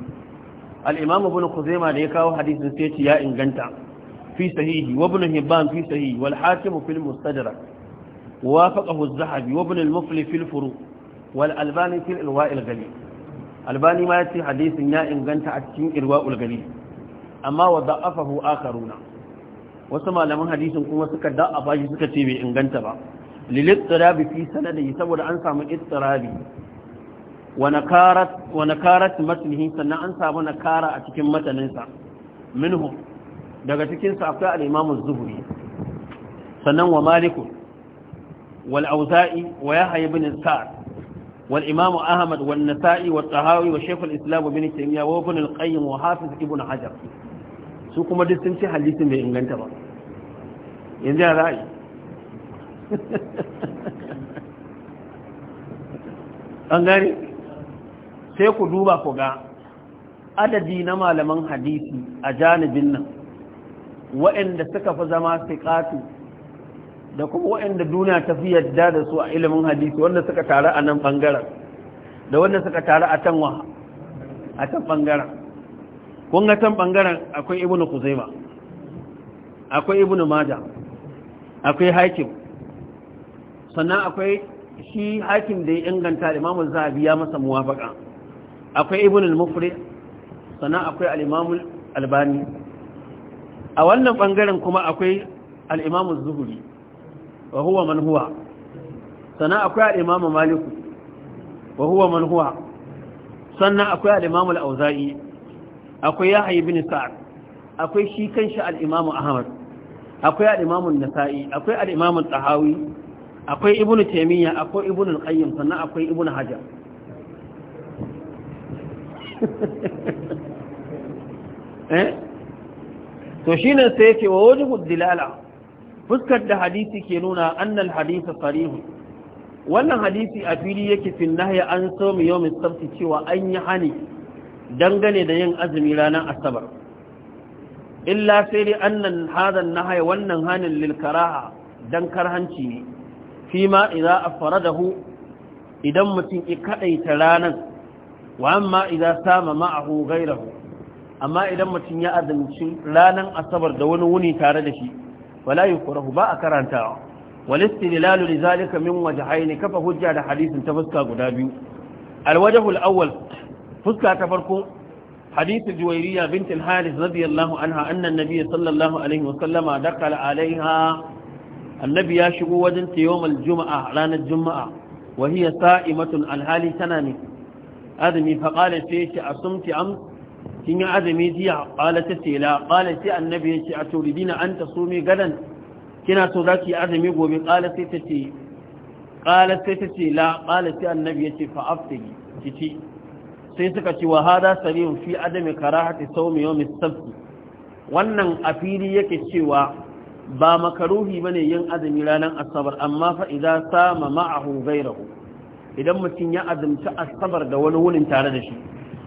al-imam ibnu khuzaima da ya kawo hadisin sai ya inganta fi sahihi wa ibn hibban fi sahihi wal hakim fil mustadrak وافقه الذهبي وابن المفلي في الفروع والألباني في الإرواء الغليل الباني ما يأتي حديث يا إن كنت أتشين إرواء الغليل أما وضعفه آخرون وسمى لمن حديث كما سكا داء باجي سكا تيبي إن كنت با للاضطراب في سنده سبب أنسى من اضطرابي ونكارت ونكارت متنه سنة أنسى ونكارة أتكين متننسى منهم daga cikin sa akwai al-Imam az-Zuhri sannan wa Malik والأوزائي ويحيى بن سعد والإمام أحمد والنسائي والطهاوي وشيخ الإسلام وابن تيمية وابن القيم وحافظ ابن حجر su kuma duk sun ce hadisin bai inganta ba yanzu ya ra'ayi an sai ku duba ku ga adadi na malaman hadisi a janibin nan waɗanda suka fi zama siƙatu da kuma waɗanda duniya ta fi yadda da su a ilimin hadisi wanda suka tare a nan ɓangaren da wanda suka tare a can a can ɓangaren kun ga can ɓangaren akwai ibnu kuzaima akwai ibnu maja akwai hakim sannan akwai shi hakim da ya inganta imamu zahabi ya masa muwafaka akwai ibnu al-mufri sannan akwai al albani a wannan ɓangaren kuma akwai al zuhuri wa huwa man huwa sannan akwai al-imamu maliku wa huwa man huwa sannan akwai al-imamu al-auza'i akwai yahya ibn sa'd akwai shi kanshi al-imamu ahmad akwai al-imamu nasai akwai al-imamu tahawi akwai ibn taymiya akwai ibn al-qayyim sannan akwai ibn hajar eh to shine sai ce wa wajibu dilala fuskar da hadisi ke nuna annal hadisa sarihu wannan hadisi a fili yake fin nahya an sawmi yawmin sabti cewa an yi hani dangane da yin azumi ranar asabar illa sai dai annan hadan nahya wannan hanin lil karaha dan karhanci ne fi ma idza afradahu idan mutum ya kadaita ranar wa amma idza sama ma'ahu ghayrahu amma idan mutum ya azumci ranar asabar da wani wuni tare da shi wala yukrahu ba a karantawa wal istidlalu li zalika min wajhayn kafa hujja da hadisin ta fuska guda biyu al wajhu al awwal fuska ta farko حديث جويرية بنت الحارث رضي الله عنها أن النبي صلى الله عليه وسلم دخل عليها النبي يشقو وجنت يوم الجمعة لان الجمعة وهي سائمة الهالي سناني أذني فقال شيش أصمت أمس kin yi azumi jiya qala ta ce la qala sai annabi ya ce a turidina an ta sumi gadan kina so zaki azumi gobe qala sai ta ce qala sai ta ce la qala sai annabi ya ce fa aftigi kici sai suka ce wa hada sarihun fi adami karahati sawmi mai sabt wannan a fili yake cewa ba makaruhi ne yin azumi ranar asabar amma fa idza sama ma'ahu ghayruhu idan mutum ya azumta asabar da wani wurin tare da shi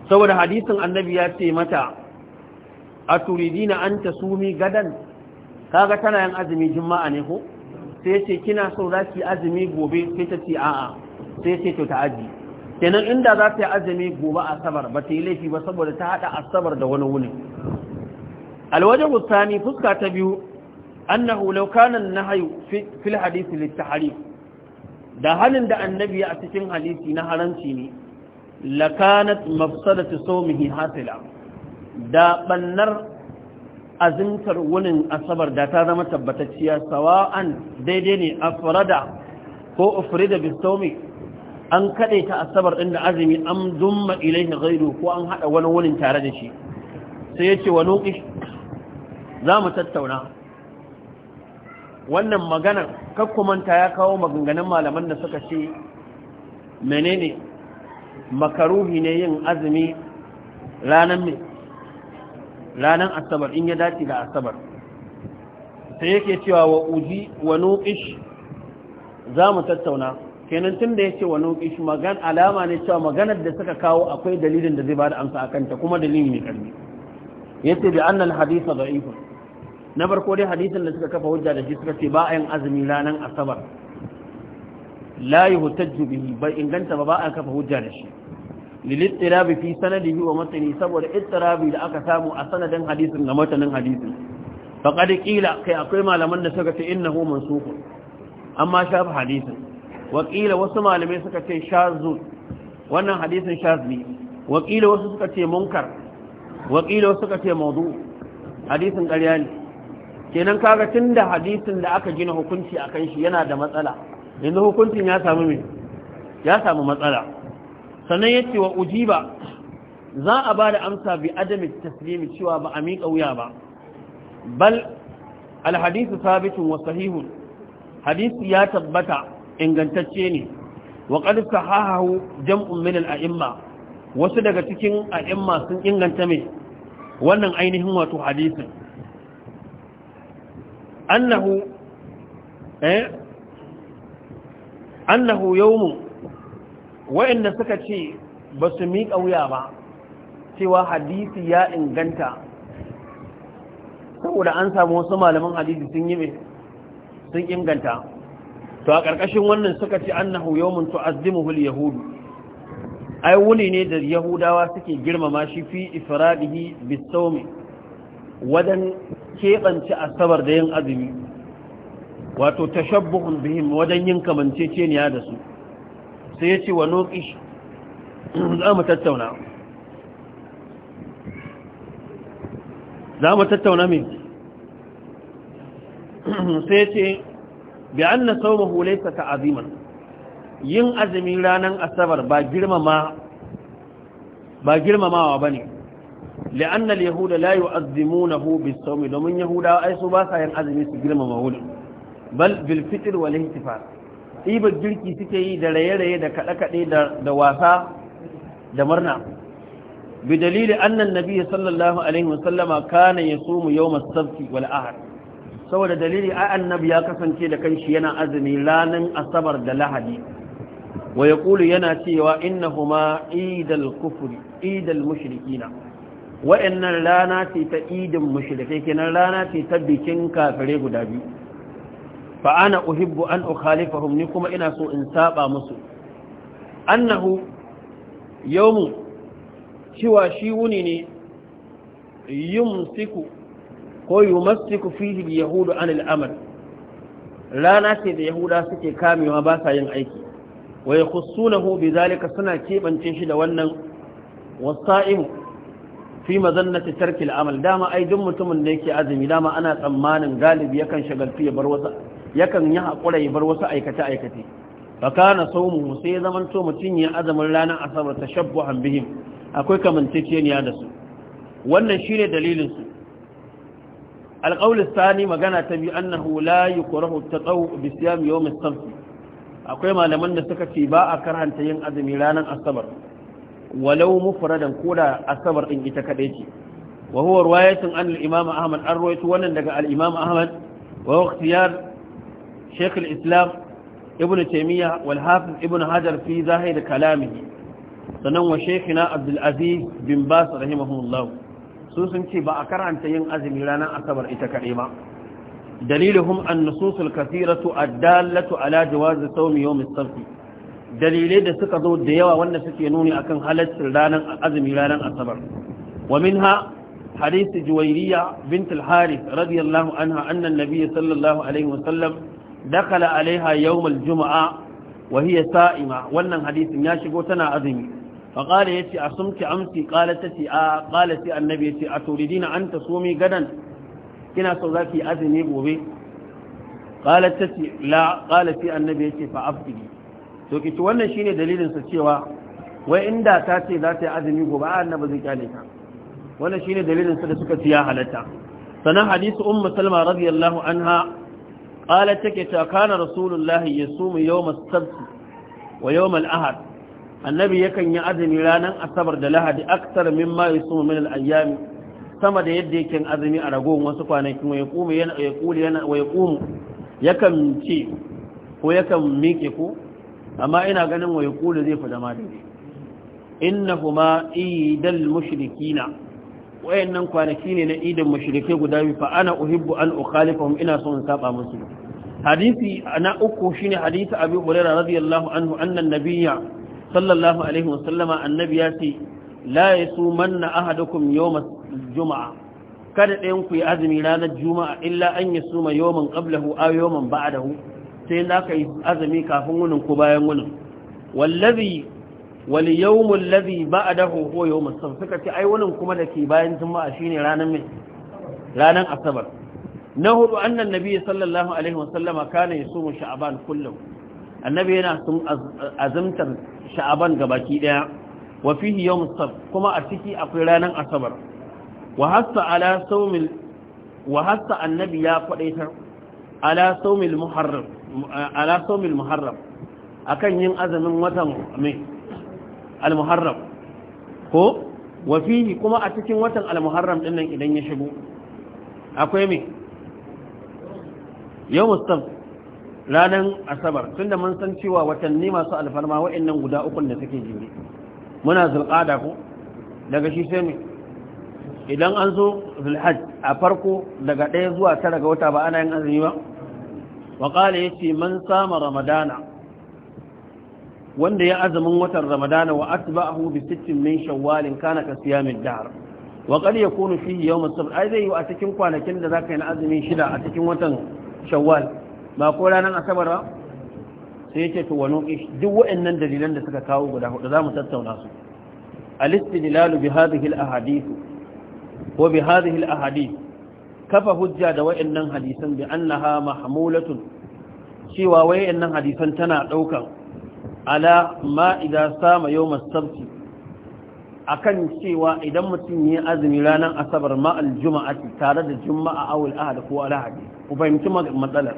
saboda hadisin annabi ya ce mata a turidina an ta sumi gadan kaga tana yin azumi juma'a ne ko sai ce kina so za ki azumi gobe sai ta ce a'a sai ce to ta aji kenan inda za ta yi azumi gobe asabar ba ta yi laifi ba saboda ta haɗa asabar da wani wuni alwajen hussani fuska ta biyu annahu na na an-nahyu fil hadisi littahari da halin da annabi a cikin hadisi na haramci ne lakanat mafsadatu sawmihi hasila da bannar azimtar wunin asabar da ta zama tabbatacciya sawa'an daidai ne afrada ko ufrida bis sawmi an kade ta asabar din da azumi an dumma ilaihi ghairu ko an hada wani wunin tare da shi sai yace wa nuqish za mu tattauna wannan maganar kakkumanta ya kawo maganganun malaman da suka ce menene makaruhi ne yin azumi ranar mai ranar asabar in ya dace da asabar sai yake cewa wa uji wa nuqish za mu tattauna kenan tun da yake wa nuqish magan alama ne cewa maganar da suka kawo akwai dalilin da zai ba da amsa akan ta kuma dalilin ne karbi yace bi hadisa haditha da'if na farko dai hadisin da suka kafa hujja da shi suka ce ba a yin azumi ranar asabar la yuhtajju bihi bai inganta ba ba a kafa hujja da shi lilittirabi fi sanadihi wa matani saboda ittirabi da aka samu a sanadin hadisin ga matanin hadisin faqad qila kai akwai malaman da suka ce innahu mansukh amma shafi hadisin wa qila wasu malamai suka ce Shazul, wannan hadisin shazmi wa qila wasu suka ce munkar wa qila wasu suka ce mawdu hadisin ƙarya ne kenan kaga tunda hadisin da aka gina hukunci akan shi yana da matsala yanzu hukuncin ya samu mai ya samu matsala sannan ya ce wa ujiba za a ba da amsa bi adamin taslimi cewa ba a miƙa wuya ba bal alhadisu Sabitu wa sahihun hadisu ya tabbata ingantacce ne wa qad sahahahu jam'un min aimma wasu daga cikin a'imma sun inganta mai wannan ainihin wato hadisun annahu eh, annahu yawmun wa'anda suka ce ba su miƙa wuya ba cewa hadisi ya inganta saboda an samu wasu malaman hadisi sun yi sun inganta to a ƙarƙashin wannan suka ce annahu yawmun tu'azzimuhu al-yahudu ai wuni ne da yahudawa suke girmama shi fi ifradihi bis-sawmi wadan keɓance asabar da yin azumi wato tashabbuhun bihim wajen yin kamanceceniya da su sai ya ce wa noƙish za mu tattauna za mai sai ya ce bi an na sau mahulaisa ta aziman yin azumi ranar asabar ba girmamawa ba ne la'annal yahuda la yu'azzimunahu bis-sawmi domin yahudawa ai su ba sa yin azumi su girmama wulin bal bil fitr wal ihtifal ibar girki suke yi da raye-raye da kaɗe-kaɗe da wasa da murna bi dalili annan nabi sallallahu alaihi wasallama kana yasumu yawmas sabti wal ahad saboda dalili ai annabi ya kasance da kanshi yana azumi ranan asabar da lahadi wa yaqulu yana cewa innahuma idal kufri idal mushrikina wa'annan rana ce ta idin mushrikai kenan rana ce ta bikin kafire guda biyu fa ana uhibbu an ukhalifahum ni kuma ina so in saba musu annahu yawmu cewa shi wuni ne yumsiku ko yumsiku fihi yahudu an al-amal rana ce da yahuda suke kamewa ba sa yin aiki wa yakhussunahu bidhalika suna kebance shi da wannan wasa'im fi mazannati tarki al-amal dama ai duk mutumin da yake azumi dama ana tsammanin galibi yakan shagaltu ya bar wasu yakan yi haƙura ya bar wasu aikace-aikace fa kana saumu sai ya zaman to mutum ya azumin ranar asabar tashabbuhan bihim akwai kamanceceniya da su wannan shine dalilin su alqaul Sani magana ta biyu, annahu la yukrahu at-tatawwu bi siyam yawm akwai malaman da suka ce ba a karanta yin azumi ranar asabar walau mufradan koda asabar din ita kaɗai ce wa huwa riwayatun an imam ahmad an wannan daga alimam ahmad wa ikhtiyar shekul islam ibn taimiyya walhafin ibn hajar fi zahir kalamihi sannan wa shekina abdulaziz bin bas rahimahullahu su sun ce ba a karanta yin azumi ranar asabar ita kaɗai ba dalilihum an-nusus al-kathiratu ad-dallatu ala jawaz sawmi yawm as dalilai da suka zo da yawa wanda suke nuni akan halaccin ranar azumi ranar asabar wa minha hadith juwayriya bint al-harith radiyallahu anha anna an-nabiy sallallahu alaihi wa sallam dakala alaiha yawmal juma'a wa hiya sa'ima wannan hadisin ya shigo tana azumi fa qala yace asumti amsi qalat tati a qala sai annabi yace aturidina an tasumi gadan kina so zaki azumi gobe qalat tati la qala sai annabi yace fa afdili to kici wannan shine dalilin sa cewa wai inda ta ce za ta yi azumi gobe annabi zai kyale ta wannan shine dalilin sa da suka ci ya halatta sanan hadisi ummu salma radiyallahu anha qalat take ta kana rasulullahi yasumu yawm as-sabt wa yawm ahad annabi yakan yi azumi ranar asabar da lahadi akthar mimma yasumu min al-ayyam sama da yadda yake azumi a ragon wasu kwanakin wa yaqumu yana wa yana wa yaqumu yakan ce ko yakan miƙe ko amma ina ganin wa yaqumu zai fada ma dai innahuma idal mushrikina wayannan kwanaki ne na idan mushrike guda biyu fa ana uhibbu an ukhalifahum ina so in saba musu hadisi na uku shine hadisi Abi Hurairah radiyallahu anhu anna nabiyya sallallahu alaihi wa sallama annabi ya ce la yasumanna ahadukum kada ɗayan ku yi azumi ranar juma'a illa an suma yawman qablahu aw yawman ba'dahu sai da ka yi azumi kafin wunin ko bayan wunin wallazi Wani wal yawmul ladhi ba'dahu huwa yawmus sabt suka ce ai wannan kuma ke bayan juma'a shine ranar ranar asabar na hudu annan nabi sallallahu alaihi wasallama kana yasumu sha'aban kullum annabi yana sun azimtar sha'aban gabaki daya wa fihi yawmus sabt kuma a ciki akwai ranar asabar wa hasa annabi ya kwadaitar ala sawmil muharram ala sawmil akan yin azumin watan mai al-muharram ko wa fihi kuma a cikin watan al-muharram din nan idan ya shigo akwai me yau mustam ranar asabar tunda mun san cewa watanni masu alfarma wa'annan guda ukun da suke jere muna zulqada ko daga shi sai me idan an zo zulhajj a farko daga ɗaya zuwa tara ga wata ba ana yin azumi ba wa qala yace man sama ramadana wanda ya azumin watan ramadana wa atba'ahu bi sittin min shawwalin kana ka siyamin dahr wa qad yakunu fihi yawm as-sabt ai zai yi a cikin kwanakin da zaka yi na azumin shida a cikin watan shawwal ba ko ranar asabar ba sai yake to wani ish duk waɗannan dalilan da suka kawo guda hudu zamu tattauna su al-istidlal bi hadhihi al-ahadith wa bi hadhihi al-ahadith kafa hujja da waɗannan hadisan bi annaha mahmulatun cewa waɗannan hadisan tana daukan ala ma idan sama yau akan cewa idan mutum ya azumi ranar asabar ma'al Juma'a tare da juma'a awul ahad ko alahadi ku fahimci matsalar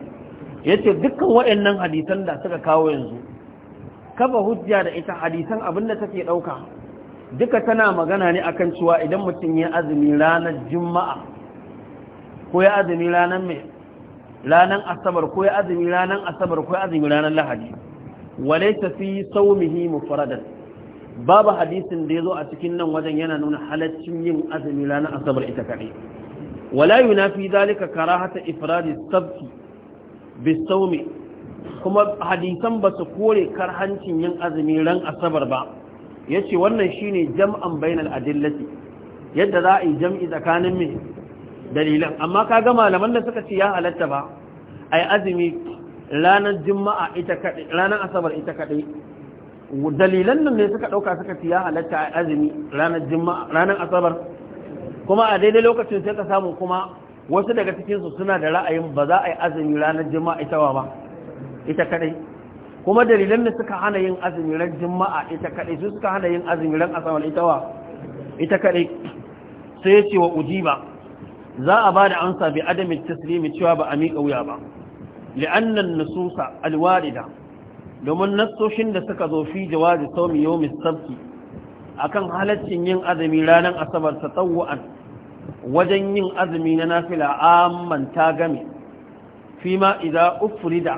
yace dukkan waɗannan hadisan da suka kawo yanzu kafa hujja da ita hadisan abinda take ɗauka, duka tana magana ne akan cewa idan mutum ya azumi ranar juma'a ko ya azumi ranar ranar asabar ko ya azumi ranar asabar ko ya azumi ranar lahadi walaysa fi saumihi mufradan babu hadisin da yazo a cikin nan wajen yana nuna halaccin yin azumi ranar asabar ita kadai wala yunafi zalika karahata ifradi sabti saumi kuma hadisan ba su kore karhancin yin azumi ran asabar ba yace wannan shine jam'an bainal adillati yadda za a yi jam'i tsakanin mai dalilan amma ka ga malaman da suka ce ya halatta ba ai azumi ranar juma'a ita kadai ranar asabar ita kadai dalilan nan ne suka ɗauka suka siya halatta a azumi ranar juma'a ranar asabar kuma a daidai lokacin sai ka samu kuma wasu daga cikinsu suna da ra'ayin ba za a yi azumi ranar juma'a ita wa ba ita kadai? kuma dalilan da suka hana yin azumi ran juma'a ita kadai su suka hana yin azumi ran asabar ita wa ita kadai? sai ya ce wa ujiba za a ba da ansa bi adamin taslimi cewa ba a miƙa wuya ba li'annan nususa alwarida domin nassoshin da suka zo fi jawazi saumi yawmis sabti akan halaccin yin azumi ranar asabar ta tsawwa'an wajen yin azumi na nafila amman ta game fi ma idza ufrida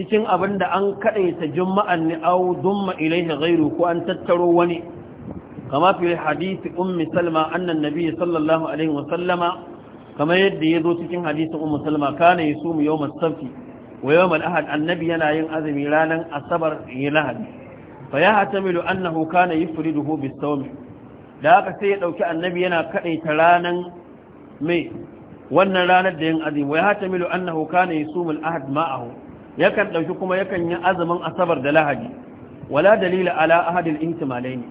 cikin abin da an kaɗaita juma'an ni au dumma ilaihi ghairu ko an tattaro wani kama fi hadisi ummi salma annan nabi sallallahu alaihi wa sallama kamar yadda ya zo cikin hadisin Umar salma kana yasumu yawmas sabti wa yawmal ahad annabi yana yin azumi ranar asabar ya lahadi fa ya hatamilu annahu kana yufriduhu bisawm da haka sai ya ɗauki annabi yana kaɗaita ranar mai wannan ranar da yin azumi wa ya hatamilu annahu kana yasumul ahad ma'ahu yakan ɗauki kuma yakan yi azumin asabar da lahadi wala dalila ala ahadin ahadil ne.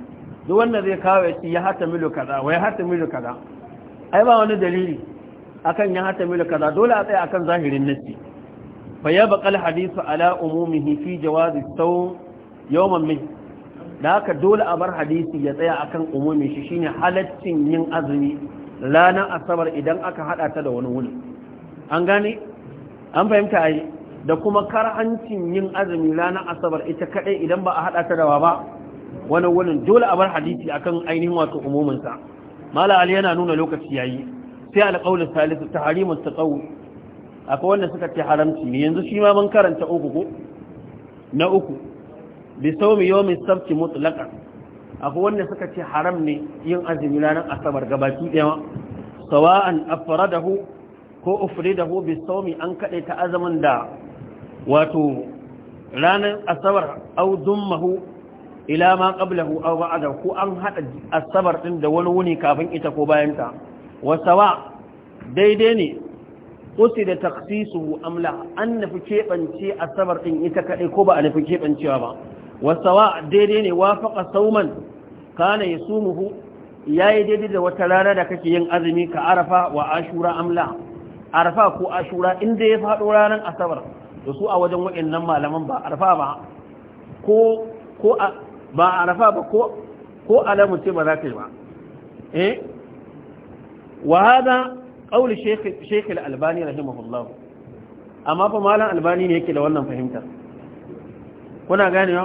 duk wanda zai kawo ya ce ya hatamilu kaza wa ya milu kaza ai ba wani dalili akan ya hata mil kaza dole a tsaya akan zahirin nassi fa ya baqal hadithu ala umumihi fi jawazi saw yawman min da haka dole a bar hadisi ya tsaya akan umumin shi shine halaccin yin azumi na asabar idan aka hada ta da wani wuni an gane an fahimta ai da kuma karhancin yin azumi ranar asabar ita kadai idan ba a hada ta da ba wani wuni dole a bar hadisi akan ainihin wato umumin sa mala ali yana nuna lokaci yayi sai alƙawul salisu tahrimu taqawu akwai wanda suka ce haramci ne yanzu shi ma mun karanta uku ko na uku bi sawmi yawmi sabti mutlaqan akwai wanda suka ce haram ne yin azumi ranar asabar gabaki daya sawa'an afradahu ko ufridahu bi sawmi an kade ta azumin da wato ranar asabar au dummahu ila ma qablahu aw ba'dahu ko an hada asabar din da wani wuni kafin ita ko bayan ta wasawa daidai ne usi da taksisu amla an nufi keɓance asabar ɗin ita kaɗai ko ba a nufi keɓancewa ba wasawa daidai ne wafaƙa sauman kana ya muhu ya yi daidai da wata rana da kake yin azumi ka arafa wa ashura amla arafa ko ashura inda ya faɗo ranar asabar da su a wajen waɗannan malaman ba arafa ba ko ko ba arafa ba ko ko alamu ce ba za ka yi ba eh وهذا قول الشيخ الشيخ الألباني رحمه الله أما فمالا ألباني نيكي لو أنم فهمت كنا قاني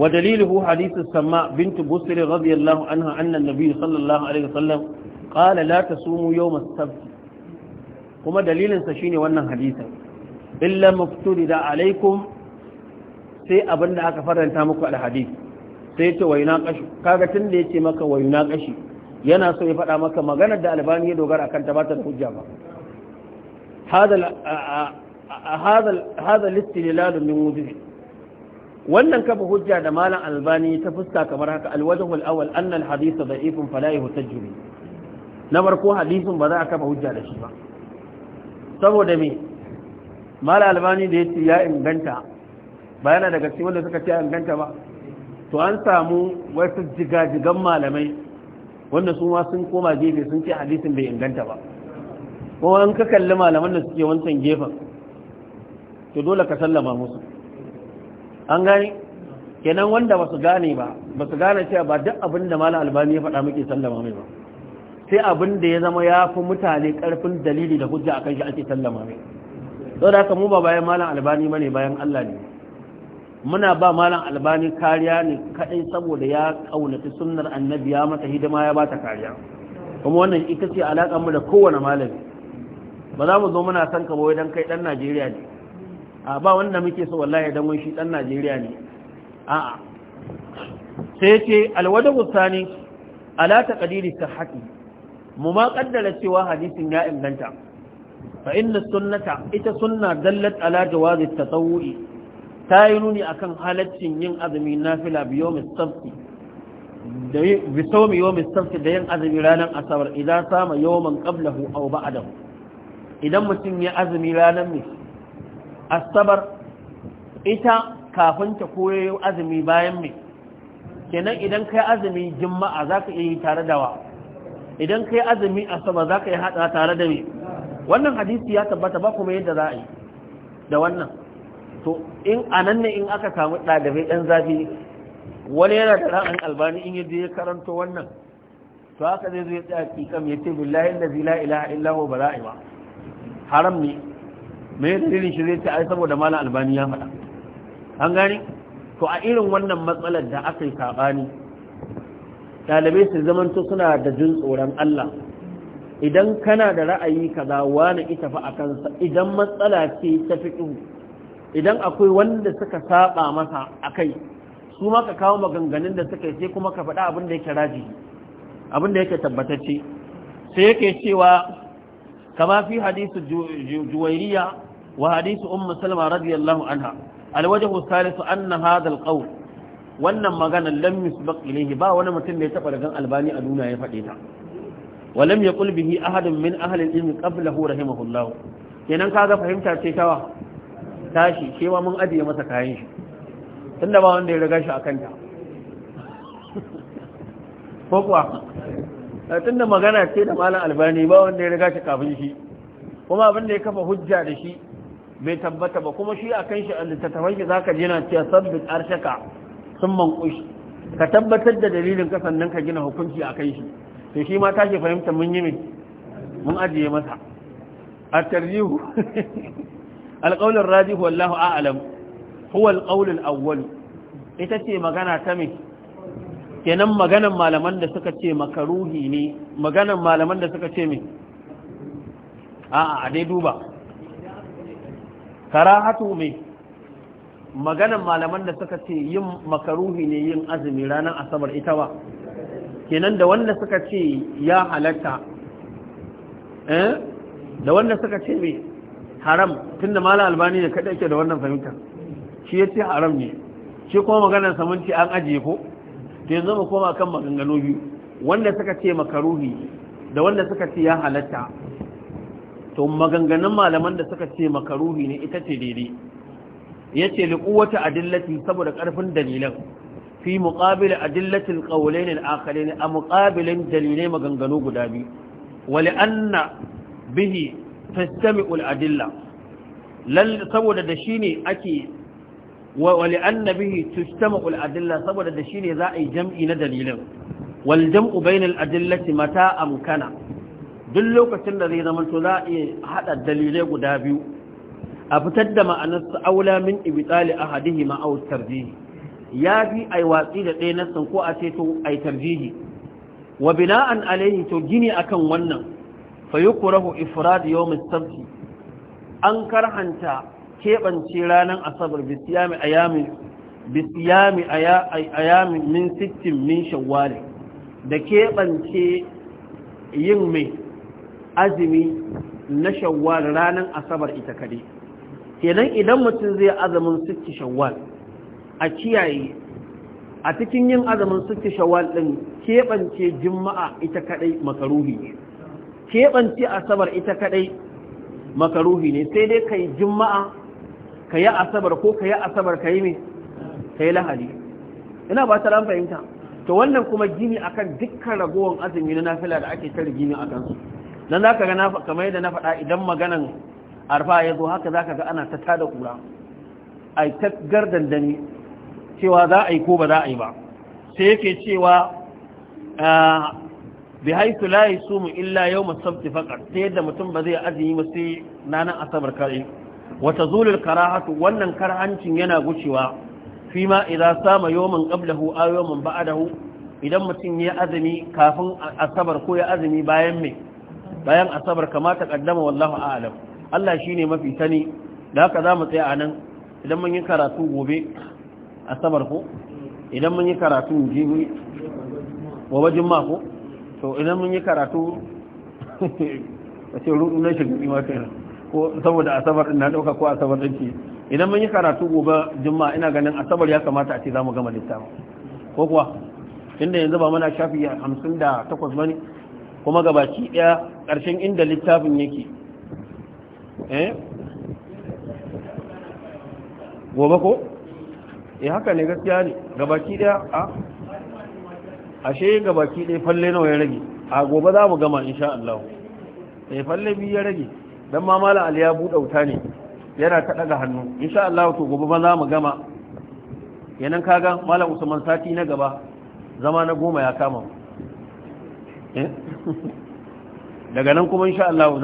ودليله حديث السماء بنت بسر رضي الله عنها أن النبي صلى الله عليه وسلم قال لا تصوموا يوم السبت كما دليل سشيني وأنم حديثا إلا مفترد عليكم سيء أبن أكفر أن تامكوا على حديث سيء ويناقش كاغتن ليتي مكا ويناقشي yana so ya faɗa maka maganar da albani ya dogara kan ta bata da hujja ba hada listililal min wujuhi wannan kafa hujja da malam albani ta fuska kamar haka alwajhul awwal anna alhadith da'ifun fala yuhtajju bi na farko hadisin ba za a kafa hujja da shi ba saboda me malam albani da ya ce ya inganta ba yana daga cikin wanda suka ce ya inganta ba to an samu wasu jigajigan malamai wanda su ma sun koma gefe sun ce hadisin bai inganta ba kuma an ka kalli malaman da suke wancan gefen to dole ka sallama musu an gane kenan wanda ba su gane ba ba su gane cewa ba duk abin da malam albani ya faɗa muke sallama mai ba sai abin da ya zama ya fi mutane ƙarfin dalili da hujja akan shi ake sallama mai saboda haka mu ba bayan malam albani bane bayan Allah ne muna ba malam albani kariya ne kaɗai saboda ya kaunaci sunnar annabi ya mata hidima ya ba ta kariya kuma wannan ita ce alaƙar mu da kowane malami ba za mu zo muna son ka bawai dan kai dan Najeriya ne a ba wanda muke so wallahi dan wai shi dan Najeriya ne a'a sai ce alwada gusani ala taqdiri sahhati mu ma kaddara cewa hadisin ya inganta fa inna sunnata ita sunna dallat ala jawazi tatawwu'i ta yi nuni a kan halaccin yin azumi fila biyo mai da bisomi yau da yin azumi ranar asabar idan sama yawman a aw adam idan mutum ya azumi ranar mai asabar ita kafin ta yi azumi bayan mai kenan idan kai azumi juma'a za iya yi tare da wa idan kai azumi asabar za ka yi hada tare da mai wannan hadisi ya tabbata ba kuma yadda za a yi da wannan to in anan ne in aka samu ɗalibai ɗan zafi wani yana da ra'ayin albani in yaje ya karanto wannan to haka zai zo ya tsaya kikam ya ce billahi allazi la ilaha illa huwa bala'i ba haram ne me dalilin shi zai ce ai saboda malam albani ya faɗa an gani to a irin wannan matsalar da aka yi sabani ɗalibai su zamanto suna da jin tsoron Allah idan kana da ra'ayi kaza wani ita fa akan sa idan matsala ce ta fiqh idan akwai wanda suka saba masa kai su ma ka kawo maganganun da suka sai kuma ka faɗa abin da yake raji abin da yake tabbatacce sai yake cewa kama fi hadisu juwairiya wa hadisu ummu salma radiyallahu anha alwajahu salisu anna hadal alqawl wannan magana lam yusbaq ilayhi ba wani mutum da ya taba rigan albani a duniya ya faɗe ta wa lam yaqul bihi ahadun min ahli al-ilm qablahu rahimahullah kenan kaga fahimta ce tawa tashi cewa mun ajiye masa kayan shi tunda ba wanda ya riga shi a kanta ko kuwa eh, tunda magana ce da malam albani ba wanda ya riga shi kafin shi kuma abin da ya kafa hujja da shi bai tabbata ba kuma shi a kan shi a littattafan shi zaka ka jina cewa sabbin arshaka sun man kushi ka tabbatar da dalilin ka sannan ka gina hukunci a kan shi to shi ma tashi fahimta mun yi min mun ajiye masa a tarjihu alƙaunin raji wallahu a'alam huwa alƙaunin awwalu ita ce magana ta mai kenan maganan malaman da suka ce makaruhi ne maganan malaman da suka ce mai a'a a dai duba karahatu mai maganan malaman da suka ce yin makaruhi ne yin azumi ranar asabar ita ba kenan da wanda suka ce ya halatta Eh? da wanda suka ce mai haram tunda mala albani ne kada yake da wannan fahimta shi yace haram ne shi kuma maganar samunci an ajiye ko to yanzu mu koma kan maganganu biyu wanda suka ce makaruhi da wanda suka ce ya halatta to maganganun malaman da suka ce makaruhi ne ita ce daidai ya ce a adillati saboda karfin dalilan fi muqabil adillatin ƙaunainin alakhirin a muqabilin dalilai maganganu guda biyu li anna bihi tastami'ul adilla saboda da shi ne ake wali annabihi tastami'ul adilla saboda da shi ne za a yi jam'i na dalilin wal jam'u bainal adillati mata amkana duk lokacin da zai zama to za a iya haɗa dalilai guda biyu a fitar da ma'anar aula min ibtali ahadihi ma aw tarjihi ya bi ai watsi da ɗaya nassin ko a ce to ai tarjihi wa bina'an alaihi to gini akan wannan fa ifrad yawm as-sabt an karhanta keɓance ranar asabar bi siyami ayami bi siyami ayami min sittin min shawwal da keɓance yin mai azumi na shawwal ranar asabar ita kade kenan idan mutum zai azumin sitti shawwal a kiyaye a cikin yin azumin sitti shawwal din keɓance juma'a ita kadai makaruhi keɓance asabar ita kaɗai makaruhi ne sai dai ka yi juma'a ka yi asabar ko ka yi asabar ka yi mai ka yi lahadi ina ba ta fahimta to wannan kuma gini akan dukkan ragowar azumi na nafila da ake tare gini a kansu dan za ka ga kamar yadda na faɗa idan maganan arfa ya zo haka za ka ga ana ta tada kura a ta gardandani cewa za a yi ko ba za a yi ba sai yake cewa ah, bi haitu la yasumu illa yawm as-sabt faqat sai da mutum ba zai azumi ba sai ranar asabar kai Wata tazulul karahatu wannan karhancin yana gucewa fima idza sama yawman qablahu aw yawman ba'dahu idan mutum ya azumi kafin asabar ko ya azumi bayan me bayan asabar kamata kaddama wallahu a'lam Allah shine mafi sani da haka zamu tsaya anan idan mun yi karatu gobe asabar ko idan mun yi karatu jibi wa wajin mako to idan mun yi karatu a ce rudu na shigari ma kai ko saboda asabar na dauka ko asabar dinki idan mun yi karatu gobe juma'a ina ganin asabar ya kamata a ce za mu gama littafin ko kuwa inda yanzu ba mana shafi hamsin da takwas bane kuma gabaki daya ƙarshen inda littafin yake eh gobe ko eh haka ne gaskiya ne gabaki daya a ashe ga baki ɗaya falle nawa ya rage a gobe za mu gama insha Allah ɗaya eh, falle biyu ya rage don ma mala ali ya buɗe wuta ne yana ta ɗaga hannu insha Allah to gobe ba za mu gama yanan kaga malam usman sati na gaba zama na goma ya kama eh? daga nan kuma insha Allah